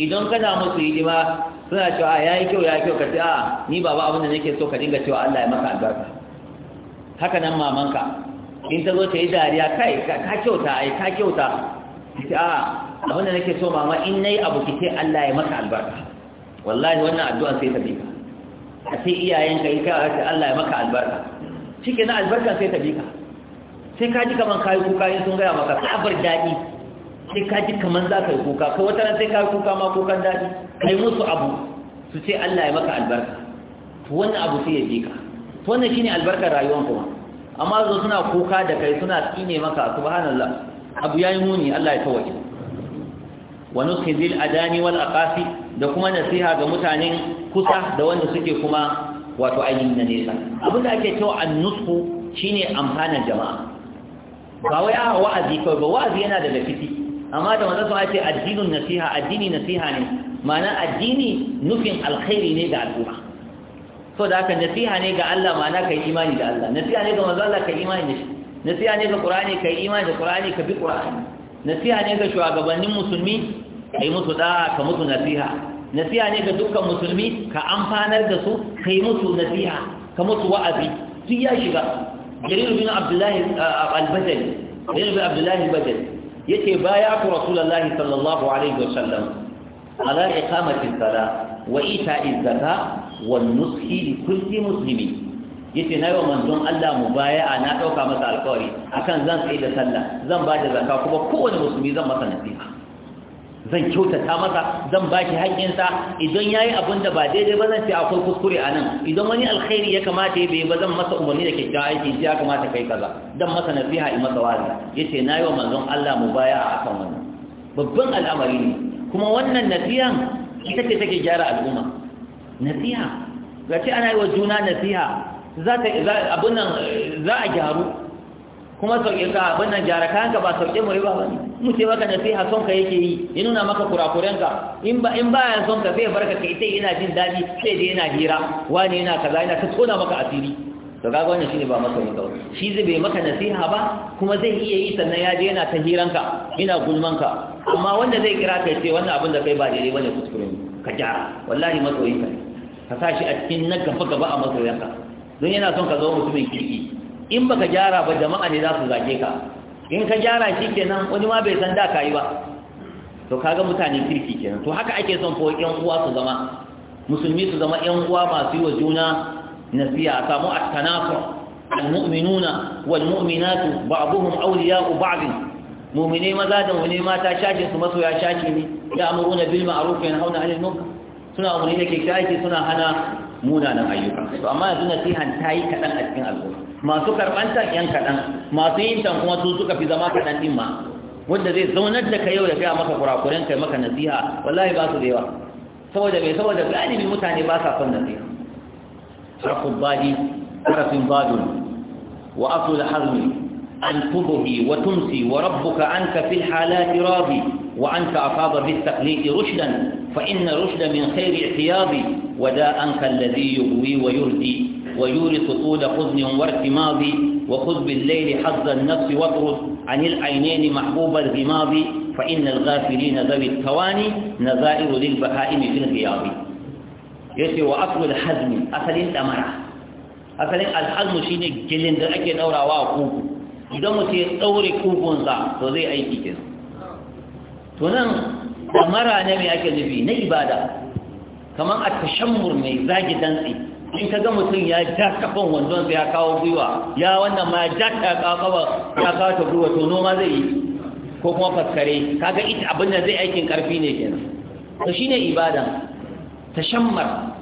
idan kana musu hidima suna cewa ah, yayi kyau yayi kyau ka ce a ah, ni baba abin da nake so ka dinga cewa Allah ya maka albarka haka nan mamanka in ta zo ta yi dariya kai ka kyauta ai ka kyauta ki a abin da nake so mama in nayi abu ki sai Allah ya maka albarka wallahi wannan addu'a sai ta bika a sai iyayenka in kai ce Allah ya maka albarka Cike na albarka sai ta bika sai ka ji kaman kai kuka in sun gaya maka sabar daɗi. sai ka ji kaman za ka yi kuka ko wata ran sai ka yi kuka ma kukan dadi kai musu abu su ce Allah ya maka albarka to wannan abu sai ya bika to wannan shine albarkar rayuwar kuma amma zo suna kuka da kai suna tsine maka subhanallah abu yayi muni Allah ya tawaje wa nukhizil adani wal aqasi da kuma nasiha ga mutanen kusa da wanda suke kuma wato ainihin na nesa abinda ake cewa annusku shine amfanan jama'a ba wai a wa'azi kawai ba wa'azi yana da lafiti amma da wanda sun ce addinin nasiha addini nasiha ne ma'ana addini nufin alkhairi ne ga al'umma so da haka nasiha ne ga Allah ma'ana kai imani da Allah nasiha ne ga manzo Allah kai imani da shi nasiha ne ga Qur'ani kai imani da Qur'ani ka bi Qur'ani nasiha ne ga shugabannin musulmi kai musu da ka musu nasiha nasiha ne ga dukkan musulmi ka amfanar da su kai musu nasiha ka musu wa'azi duk ya shiga jarir bin Abdullahi uh, al-Badri jarir bin Abdullahi al-Badri yace baya ku Rasulullahi sallallahu alaihi wasallam ala iqamati sala wa ita'i zaka wa nushi li yace nayi wa manzon Allah mubaya'a na dauka masa alƙawari akan zan tsaye da sallah zan ba da zakka kuma kowane musulmi zan masa nasiha zan kyautata masa zan ba shi haƙƙinsa idan ya yi abin da ba daidai ba zan ce akwai kuskure a nan idan wani alkhairi ya kamata ya bai ba zan masa umarni da kyakkyawa aiki sai ya kamata kai kaza dan masa nasiha in masa wazi ya ce na wa manzon Allah mu baya a akan wannan babban al'amari ne kuma wannan nasiha ita ce take gyara al'umma nasiha ga ce ana yi wa juna nasiha za a gyaru kuma sauƙi ka abin nan gyara kayanka ba sauƙi mai ba ba ne mu ce maka nasiha son ka yake yi ya nuna maka kurakurenka in ba in baya son ka sai barka ka ita yana jin daɗi sai dai yana hira wani yana kaza yana ta tona maka asiri to kaga wannan shine ba masa wanda shi zai bai maka nasiha ba kuma zai iya yi sannan ya je yana ta hiranka yana gulmanka amma wanda zai kira kai ce wannan abin da kai ba daidai bane kuskure ka gyara wallahi masoyin ka ka sa shi a cikin na gaba gaba a masoyanka don yana son ka zo mutumin kirki in baka gyara ba jama'a ne za su zage ka in ka gyara shi kenan wani ma bai san da ka yi ba to kaga mutane kirki kenan to haka ake son ko yan uwa su zama musulmi su zama yan uwa masu yi wa juna Nasiha a samu at-tanasur al-mu'minuna wal mu'minatu ba'dhum awliya'u ba'd mu'mine maza da mu'mine mata shashin su masoya shashi ne ya amuruna bil ma'ruf wa yanhauna 'anil munkar suna umarni da kyakkyawa aiki suna hana munanan ayyuka to amma yanzu nasihan ta yi kaɗan a cikin al'umma masu karɓantar yan kaɗan masu yin kuma su suka fi zama kaɗan ɗin ma wanda zai zaunar da ka yau da gaya maka kurakuren kai maka nasiha wallahi ba su da yawa saboda mai saboda mutane ba sa son nasiha حرف الضاد حرف ضاد وأصل حرمي أن تضهي وتمسي وربك عنك في الحالات راضي وعنك أفاض بالتقليد رشدا فإن الرشد من خير اعتياض ودا أنك الذي يغوي ويردي ويورث طول حزن وارتماض وخذ بالليل حظ النفس واطرد عن العينين محبوب الغماض فإن الغافلين ذوي التواني نذائر للبهائم في الغياض yace wa aslul hazmi asalin damara asalin alhazmu shine gilin da ake daurawa a kugu. idan mutum ya daure kukunsa to zai aiki kin to nan damara ne mai ake nufi na ibada kamar a tashammur mai zagi dantsi in ka ga mutum ya ja kafan wandon ya kawo gwiwa ya wannan ma ja ta kawo ya kawo ta gwiwa to noma zai yi ko kuma faskare kaga ita abin da zai aikin karfi ne kenan to shine ibada tashammar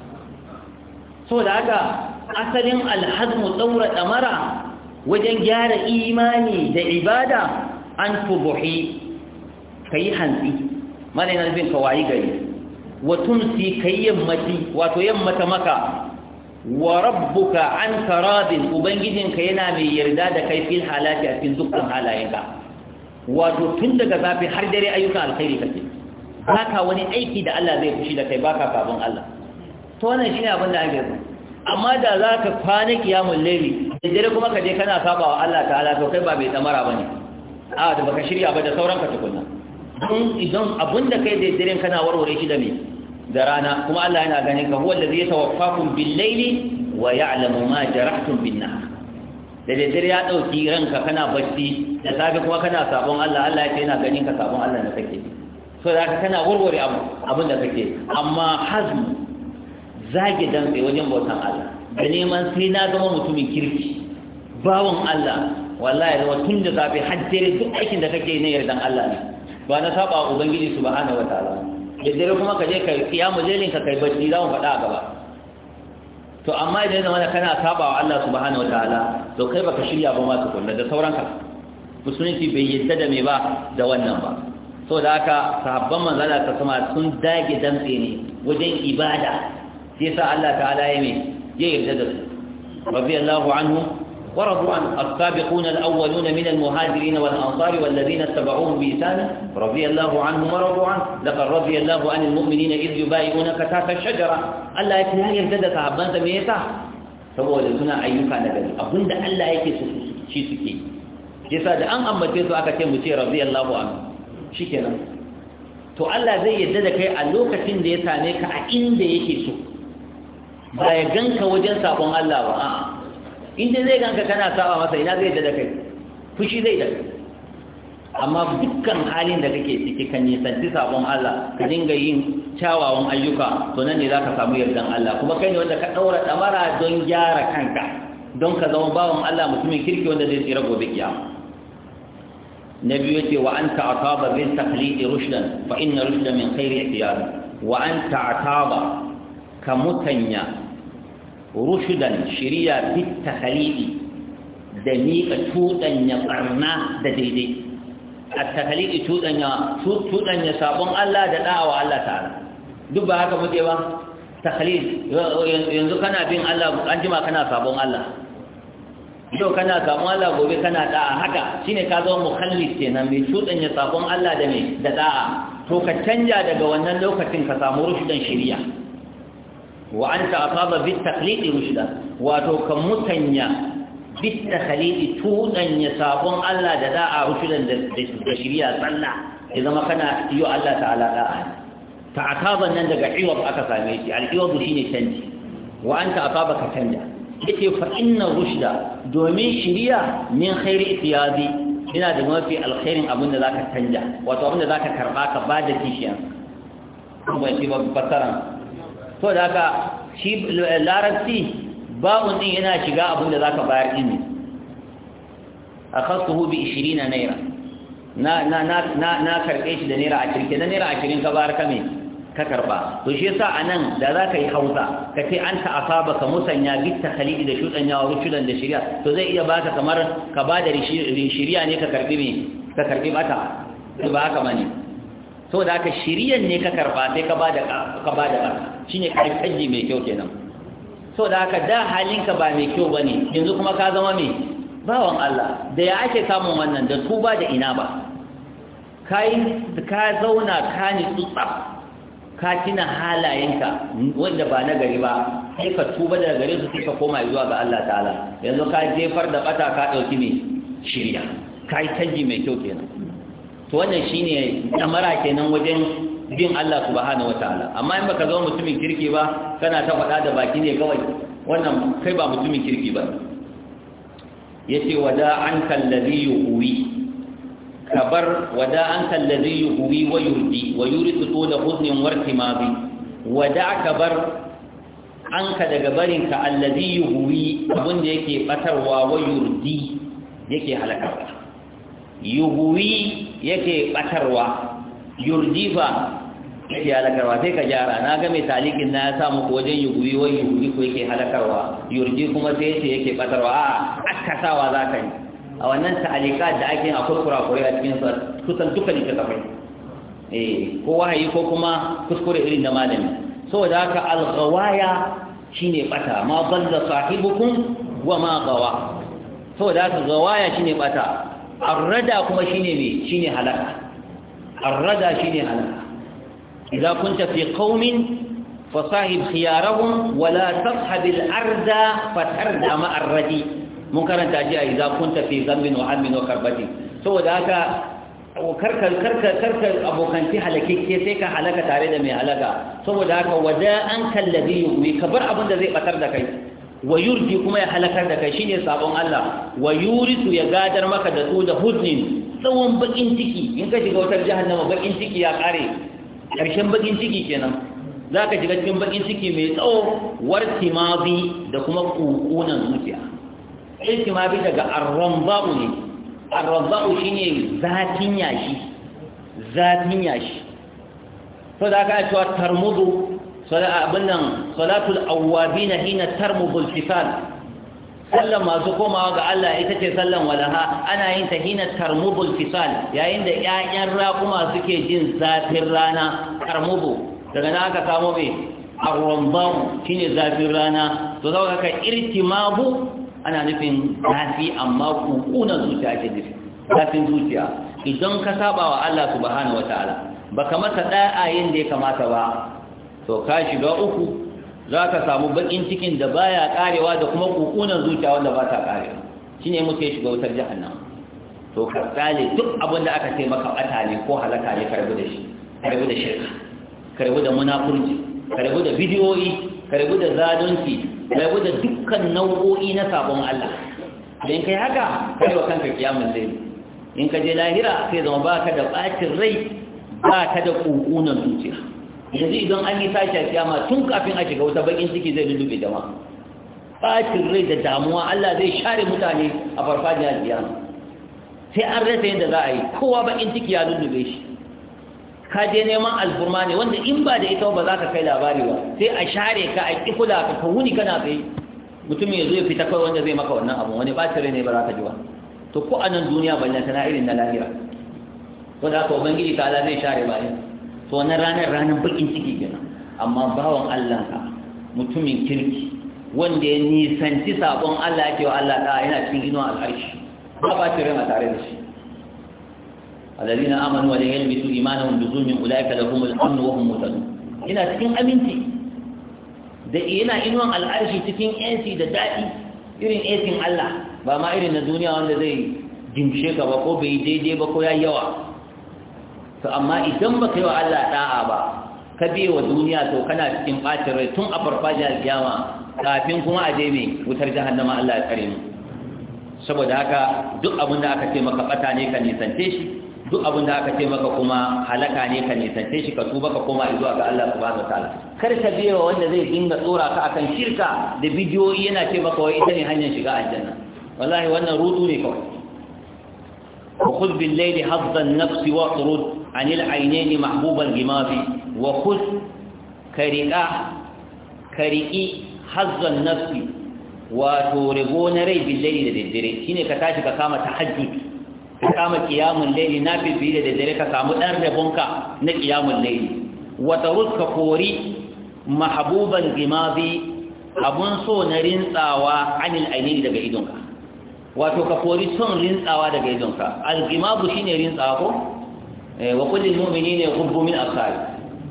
so da haka asalin alhazmu tsaura mara wajen gyara imani da ibada an tubuhi ka yi hantsi mana yana nufin kawai gari wa tumsi ka yi yammaci wato yammata maka wa rabbuka an karabin ubangijinka yana mai yarda da kaifin halaki a cikin dukkan halayenka wato tun daga zafi har dare ayyukan alkhairi kake baka wani aiki da Allah zai fushi da kai baka kafin Allah to wannan shine abin da ake so amma da za ka kwana kiyamul layli da dare kuma ka je kana saba wa Allah ta'ala to kai ba mai tsamara ne? a da baka shirya ba da sauran ka tukunna don idan abinda kai da kana warware shi da me da rana kuma Allah yana ganin ka huwa allazi yatawaffakum bil layli wa ya'lamu ma jarahtum bin nahar da dare ya dauki ranka kana bacci da safe kuma kana sabon Allah Allah ya ce yana ganin ka sabon Allah da kake so da ka tana warware abin da kake amma hazm zage dantse wajen bautan Allah da neman sai na zama mutumin kirki bawan Allah wallahi zama tun da zafi hajjere duk aikin da kake na yardan Allah ne ba na saba a ubangiji subhanahu ta'ala da dare kuma ka je ka kiyamu jelin ka kai bacci za mu faɗa a gaba to amma idan zama da kana saba wa Allah subhanahu ta'ala to kai baka shirya ba ma tukunna da sauranka musulunci bai yadda da me ba da wannan ba so da aka sahabban manzala ta sama sun dage damtse ne wajen ibada sai sa Allah ta'ala ya mai ya yarda da su rabbi Allahu anhu wa radu an as-sabiquna al-awwaluna min al-muhajirin wal ansari wal ladina tabi'uhum bi ihsan rabbi Allahu anhu wa radu an laqad radiya Allahu anil mu'minina idh yubayi'unaka tahta ash-shajara Allah ya yarda da sahabban sa me yasa saboda suna ayyuka na gari abinda Allah yake so shi suke yasa da an ambace su aka ce mu ce radiyallahu anhu nan, to Allah zai yadda da kai a lokacin da ya same ka a inda yake so ba ya ganka wajen sabon Allah ba a inda zai ganka kana saba masa ina zai yadda da kai fushi zai da amma dukkan halin da kake ciki kan nisanci sabon Allah ka dinga yin kyawawan ayyuka to nan ne za ka samu yardan Allah kuma kai ne wanda ka ɗaura ɗamara don gyara kanka don ka zama bawan Allah mutumin kirki wanda zai tsira gobe kiyama na biyu yake wa an ta'ata ba bin takhliqi rushdan fa inna rushda min khairi ihtiyar wa an ta'ata ka mutanya rushdan shiriya bit takhliqi da ni ka tudanya da daidai at takhliqi tudanya sabon Allah da da'awa Allah ta'ala duk ba haka muke ba takhliq yanzu kana bin Allah an jima kana sabon Allah yau kana samu Allah gobe kana da'a haka shine ka zama mukhallis kenan mai ya sakon Allah da mai da da'a to ka canja daga wannan lokacin ka samu rushdan shari'a wa anta asaba bit taqlidi rushdan wato ka mutanya bit takhlidi ya sakon Allah da da'a rushdan da shari'a sallah ya zama kana yi Allah ta'ala da'a ta asaban nan daga iwab aka same shi al iwab shine canji wa anta asaba ka canja yake fa inna rushda domin shiriya min khairi itiyadi ina da mafi alkhairin abin da zaka canja wato abin da zaka karba ka ba da kishiyan kuma shi ba basaran to da ka shi larabci ba'un din yana shiga abin da zaka bayar din ne akhasuhu bi 20 naira na na na na karbe shi da naira 20 da naira 20 ka bayar ka kame ka karba to shi yasa anan da za ka yi hausa kace anta ka musanya bit khalidi da shudan ya ruculan da shirya? to zai iya baka kamar ka ba da shirya ne ka karbi me ka karbi bata to ba haka bane to da ka shirya ne ka karba sai ka ba da ka ba da shine kai kaji mai kyau kenan so da haka da halinka ba mai kyau bane yanzu kuma ka zama me bawan Allah da ya ake samun wannan da tuba da ina ba kai ka zauna ka ni tsutsaf ka tina halayenka wanda ba na gari ba sai ka tuba daga gare su sai ka koma zuwa ga Allah ta'ala yanzu ka jefar da bata ka dauki ne shirya ka yi canji mai kyau kenan to wannan shine damara kenan wajen bin Allah subhanahu wataala amma in baka zama mutumin kirki ba kana ta faɗa da baki ne kawai wannan kai ba mutumin kirki ba yace wada an kallazi yuwi kabar zai yi huwi wa yurdi wa yurisu da huznin Wada ka bar anka daga barinka allazi yuhwi abin da yake batarwa wa yurdi yake halakarwa Yuhuwi yake batarwa yurdi fa yake halakarwa sai ka gyara na ga mai talikin na ya sa muku wajen yuhwi wa yurdi ko yake halakarwa yurdi kuma sai yake batarwa a akasawa za ka yi a wannan ta'alika da ake yin akwai kure a cikin sa kusan duka littattafai eh ko wahayi ko kuma kuskure irin da malami saboda haka al-ghawaya shine bata ma dalla sahibukum wa ma gawa saboda haka ghawaya shine bata arrada kuma shine me shine halaka arrada shine halaka idza kunta fi qaumin fasahib khiyarahum wa la tashhab al-arda fatarda ma ar-radi mun karanta shi a idza kun tafi zammin wa amin wa karbatin saboda haka karkar karkar karkar abokanci halakikke sai ka halaka tare da mai halaka saboda haka wada an kallabi yuwi ka bar abin da zai batar da kai wa yurji kuma ya halakar da kai shine sabon Allah wa yurisu ya gadar maka da su da huznin tsawon bakin ciki in ka shiga wutar jahannama bakin ciki ya kare ƙarshen bakin ciki kenan za ka shiga cikin bakin ciki mai tsawo wartimazi da kuma ƙuƙunan zuciya iltimabi daga arramba'u ne arramba'u shine zafin yashi zafin yashi to da aka cewa tarmudu abin salatul awwabina hina tarmudu al-fisal sallan masu komawa ga Allah ita ce sallan walaha ana yin ta hina tarmubul fisal yayin da ƴaƴan raƙuma suke jin zafin rana tarmubu daga na aka samo mai arwamban shine zafin rana so za ka irtimabu ana nufin zafi amma kukunan zuciya ke nufi kafin zuciya idan ka saba wa Allah subhanahu wataala baka masa ayin da ya kamata ba to ka shiga uku za ka samu bakin cikin da baya karewa da kuma kukunan zuciya wanda ba ta karewa shine muke shiga wutar jahannama to ka tsale duk abin da aka ce maka atali ko halaka ne karbu da shi karbu da shirka karbu da munafurci karbu da bidiyoyi karbu da zalunci rabu da dukkan nau'o'i na sabon Allah idan kai haka kai wa kanka kiyamun laili in ka je lahira sai zama ba ka da ɓacin rai ba da ƙuƙunan zuciya yanzu idan an yi sashi a kiyama tun kafin a shiga wata bakin ciki zai lullube jama'a ɓacin rai da damuwa Allah zai share mutane a farfajiyar kiyama sai an rasa yadda za a yi kowa bakin ciki ya lullube shi ka je neman alfurma ne wanda in ba da ita ba za ka kai labari ba sai a share ka a kifula ka ka wuni kana tsaye mutumin ya zo ya fita kawai wanda zai maka wannan abu wani tare ne ba za ka ji ba to ko a nan duniya ba tana irin na lahira wanda aka ubangiji ta zai share bayan to wannan ranar ranar bakin ciki kenan amma bawan Allah ka mutumin kirki wanda ya nisanci sabon Allah ya ke wa Allah ta yana cikin inuwa al'arshi ba ba ran tare da shi alladhina amanu wa yalbisu imanahum bi zulmin ulaika lahum al-amn wa hum muhtadun ina cikin da ina inuwan al'arshi cikin yanci da daɗi irin yankin Allah ba ma irin na duniya wanda zai jimshe ka ba ko bai daidai ba ko ya yawa to amma idan baka yi wa Allah da'a ba ka biye wa duniya to kana cikin ɓacin rai tun a farfajiyar kiyama kafin kuma a je mai wutar jahannama Allah ya tsare mu saboda haka duk abin da aka ce maka bata ne ka nisance shi duk abin da aka taimaka kuma halaka ne kan nisance shi ka tuba ka koma zuwa ga Allah subhanahu wataala kar ka biye wanda zai dinga tsora ka akan kirka da bidiyoyi yana ce maka wai ita ne hanyar shiga aljanna wallahi wannan rudu ne kawai wa khudh bil layli hadd an an al aynain mahbub al gimabi wa khudh kariqa kariqi hadd rai bil layli da dare shine ka tashi ka kama tahajjud ka kama kiyamun laili na bibiyi da dare ka samu ɗan rabonka na kiyamun laili wata ruska kori mahabuban zimabi abun so na rintsawa anil ainihi daga idonka wato ka kori son rintsawa daga idonka al shi shine rintsawa ko eh, wa kullum mu'mini ne hubbu min asali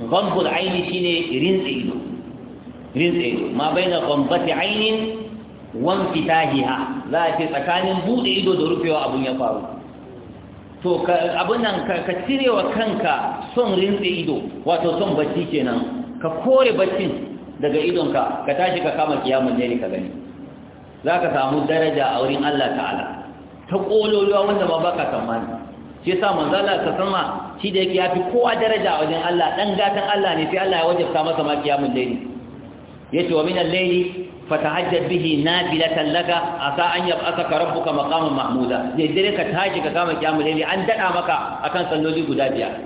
gambul aini shine ne ido rintsa ido ma bai na gambati ainin wan fitahiha za a ce tsakanin buɗe ido da rufewa abun ya faru to abin nan ka cire wa kanka son rintse ido wato son bacci kenan ka kore baccin daga idonka ka tashi ka kama kiyamun ne ka gani za ka samu daraja a wurin Allah ta'ala ta ƙololuwa wanda ba baka tsammani shi sa manzo Allah ta sama shi da yake yafi kowa daraja a wajen Allah dan gatan Allah ne sai Allah ya wajabta masa ma kiyamun ne yace wa al layli fatahajjat bihi nafilatan laka asa an yab'athaka rabbuka maqaman mahmuda ya dare ka tashi ka kama kiyamul layli an dada maka akan salloli guda biyar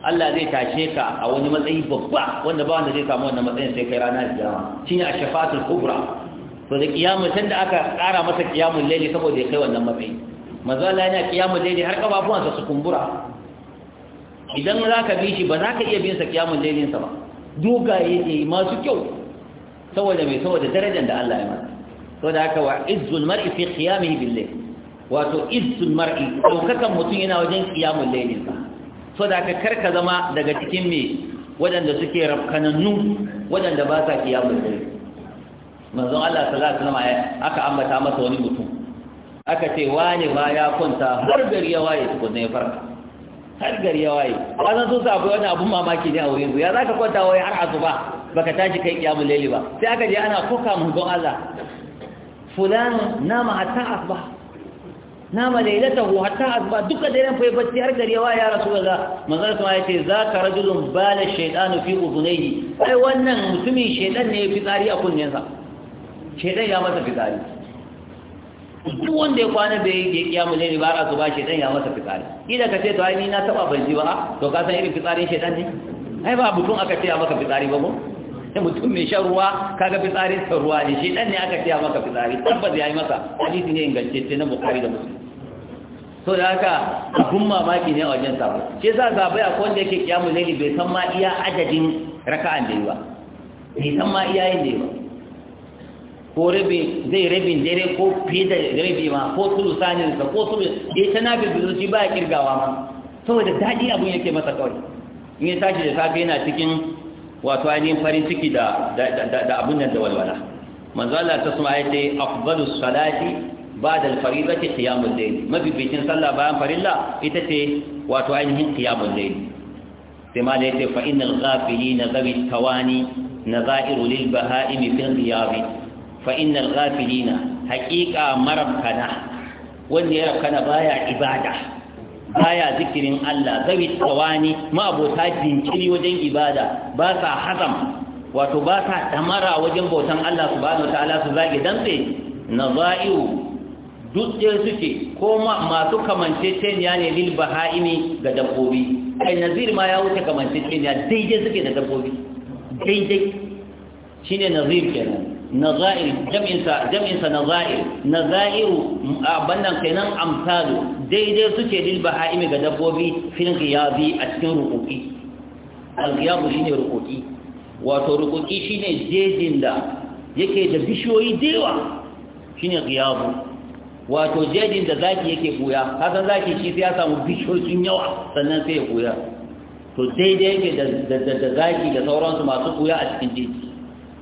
Allah zai tashe ka a wani matsayi babba wanda ba wanda zai samu wannan matsayin sai kai ranar kiyama shine ash-shafa'atul kubra to da kiyamul tunda aka tsara masa kiyamul layli saboda ya kai wannan matsayi manzo Allah yana kiyamul layli har kafafuwansa su kumbura idan za ka bi shi ba za ka iya bin sa kiyamul laylin sa ba dogaye ne masu kyau saboda mai saboda darajar da Allah ya masa saboda haka wa izzul mar'i fi qiyamihi bil layl wato izzul mar'i daukakan mutum yana wajen qiyamul layl sa saboda haka kar ka zama daga cikin me wadanda suke rafkanannu wadanda ba sa qiyamul layl manzo Allah sallallahu alaihi wasallam aka ambata masa wani mutum aka ce wani ba ya kwanta har gari ya waye tukunne farka har gari ya waye kasan su sa akwai wani abun mamaki ne a wurin su ya za ka kwanta wai har asuba baka tashi kai kiyamul laili ba sai aka je ana kuka mun don Allah fulan nama hatta asba nama lailatahu hatta asba duka daren fa bacci har gari ya waye ya rasulullah manzon sa yace zaka rajulun bala shaytanu fi udunayhi ai wannan mutumin shaytan ne fitsari a kunnen sa shaytan ya masa fitsari duk wanda ya kwana da ya yi kiyamu ne ba a zuba dan ya masa fitsari idan ka ce to ai ni na taba ban ji ba to ka san irin fitsarin shedan ne ai ba mutum aka ce ya maka fitsari ba ko sai mutum mai shan ruwa kaga fitsarin sa ruwa ne shedan ne aka ce ya maka fitsari tabbas ya yi masa hadisi ne ce na bukhari da muslim so da haka abun mamaki ne a wajen ce shi ga zabai akwai wanda yake kiyamu ne bai san ma iya adadin raka'an da yi ba bai san ma iya yin da yi ba ko rabi zai rabin dare ko fiye da rabi ma ko tulu sanin da ko tulu ya ta na zuci shi ba kirgawa ma saboda daɗi abun yake masa kawai in ya tashi da safe yana cikin wato ainihin farin ciki da da abun nan da walwala manzo Allah ta suma ya ce afdalu salati ba'da al-fariidati qiyamul layl mabibicin sallah bayan farilla ita ce wato ainihin qiyamul layl sai ma da yace fa innal ghafilina zawi tawani nazairu lil bahaimi fil ghiyabi fa innal Haƙiƙa haqiqa marabkana wanda ya rabkana baya ibada baya zikirin Allah zai tsawani ma abota jinkiri wajen ibada ba sa hazam wato ba sa damara wajen bautan Allah su ba subhanahu ala, su zage dantse nazairu duk ɗaya suke ko masu kamance kamanceceniya ne lil baha'imi ga dabbobi kai nazir ma ya wuce kamance kamanceceniya daidai suke da dabbobi daidai shine nazir kenan nazair jam'insa jam'insa nazair nazairu abannan kenan amsalu daidai suke lil bahaimi ga dabbobi fil ghiyabi a cikin ruquqi al ghiyabu shine ruquqi wato ruquqi shine jejin da yake da bishiyoyi dewa shine ghiyabu wato jejin da zaki yake buya kasan zaki shi sai ya samu bishiyoyin yawa sannan sai ya buya to daidai yake da zaki da sauransu masu buya a cikin jeji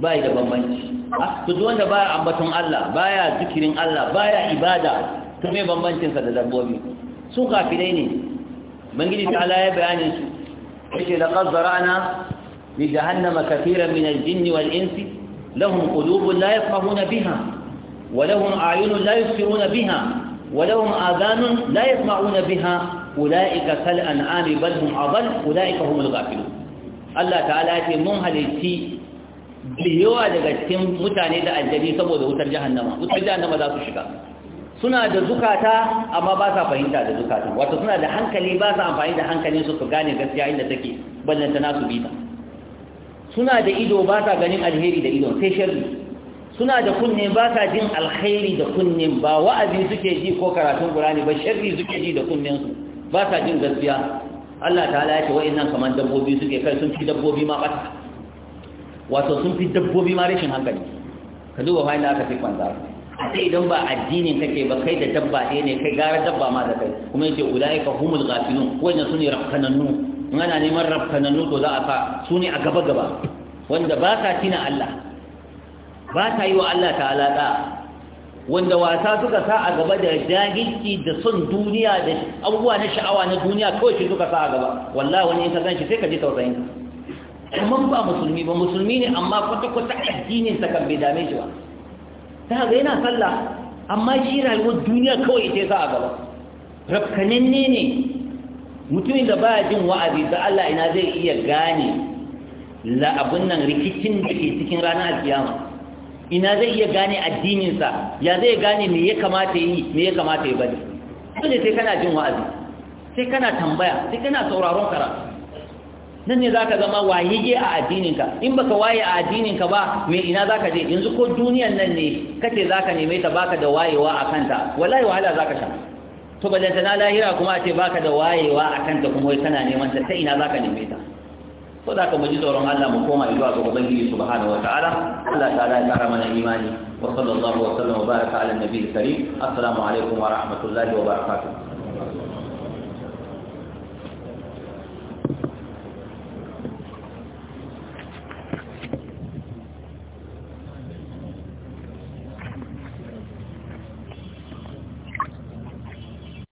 bai da bambanci ah, to duk wanda baya ambaton Allah baya zikirin Allah baya ibada to me bambancin sa da dabbobi su kafirai ne bangiji ta Allah ya bayani su yace laqad zara'na li jahannama katiran min al-jinn wal-ins lahum qulubun la yafqahuna biha wa lahum a'yunun la yubsiruna biha wa lahum adhanun la yasma'una biha ulaika kal an'ami bal hum adall ulaika humul ghafilun Allah ta'ala ya ce mun halitti da yawa daga cikin mutane da aljani saboda wutar jahannama wutar jahannama za su shiga suna da zukata amma ba sa fahimta da zukata wato suna da hankali ba sa amfani da hankalin su su gane gaskiya inda take ballanta nasu bita suna da ido ba sa ganin alheri da ido, sai sharri suna da kunne ba sa jin alheri da kunne ba wa'azi suke ji ko karatun qur'ani ba sharri suke ji da kunnen su ba sa jin gaskiya Allah ta'ala ya ce wa'annan kaman dabbobi suke kai sun fi dabbobi ma ta wato sun fi dabbobi ma rashin hankali ka duba fa inda aka fi kwanta a sai idan ba addinin kake ba kai da dabba ɗaya ne kai gara dabba ma da kai kuma yace ulaika humul ghafilun wannan sune rafkanannu in ana neman rafkanannu to za a fa su a gaba gaba wanda ba sa tina Allah ba ta yi wa Allah ta'ala da wanda wasa suka sa a gaba da jahilci da son duniya da abubuwa na sha'awa na duniya kawai shi suka sa a gaba wallahi wani in ka ganshi sai ka ji tausayin ka. kamar ba musulmi ba musulmi ne amma kwata-kwata addinin sa kan bai dame shi ba ta ga yana sallah amma shi rayuwar duniya kawai ita za a gaba rafkananne ne mutumin da baya jin wa'azi da Allah ina zai iya gane la abun nan rikicin da ke cikin ranar alkiyama ina zai iya gane addininsa ya zai gane me ya kamata yi me ya kamata ya bari sai kana jin wa'azi sai kana tambaya sai kana sauraron karatu nan ne zaka zama wayige a addininka in baka waye a addininka ba me ina zaka je yanzu ko duniyan nan ne kace zaka neme ta baka da wayewa a kanta wallahi wahala zaka sha to balanta na lahira kuma a ce baka da wayewa a kanta kuma wai kana neman ta ta ina zaka neme ta ko zaka mu ji tsoron Allah mu koma zuwa ga ubangiji subhanahu wataala Allah ta'ala ya kara mana imani wa sallallahu wa sallama wa baraka ala nabiyil karim assalamu alaikum wa rahmatullahi wa barakatuh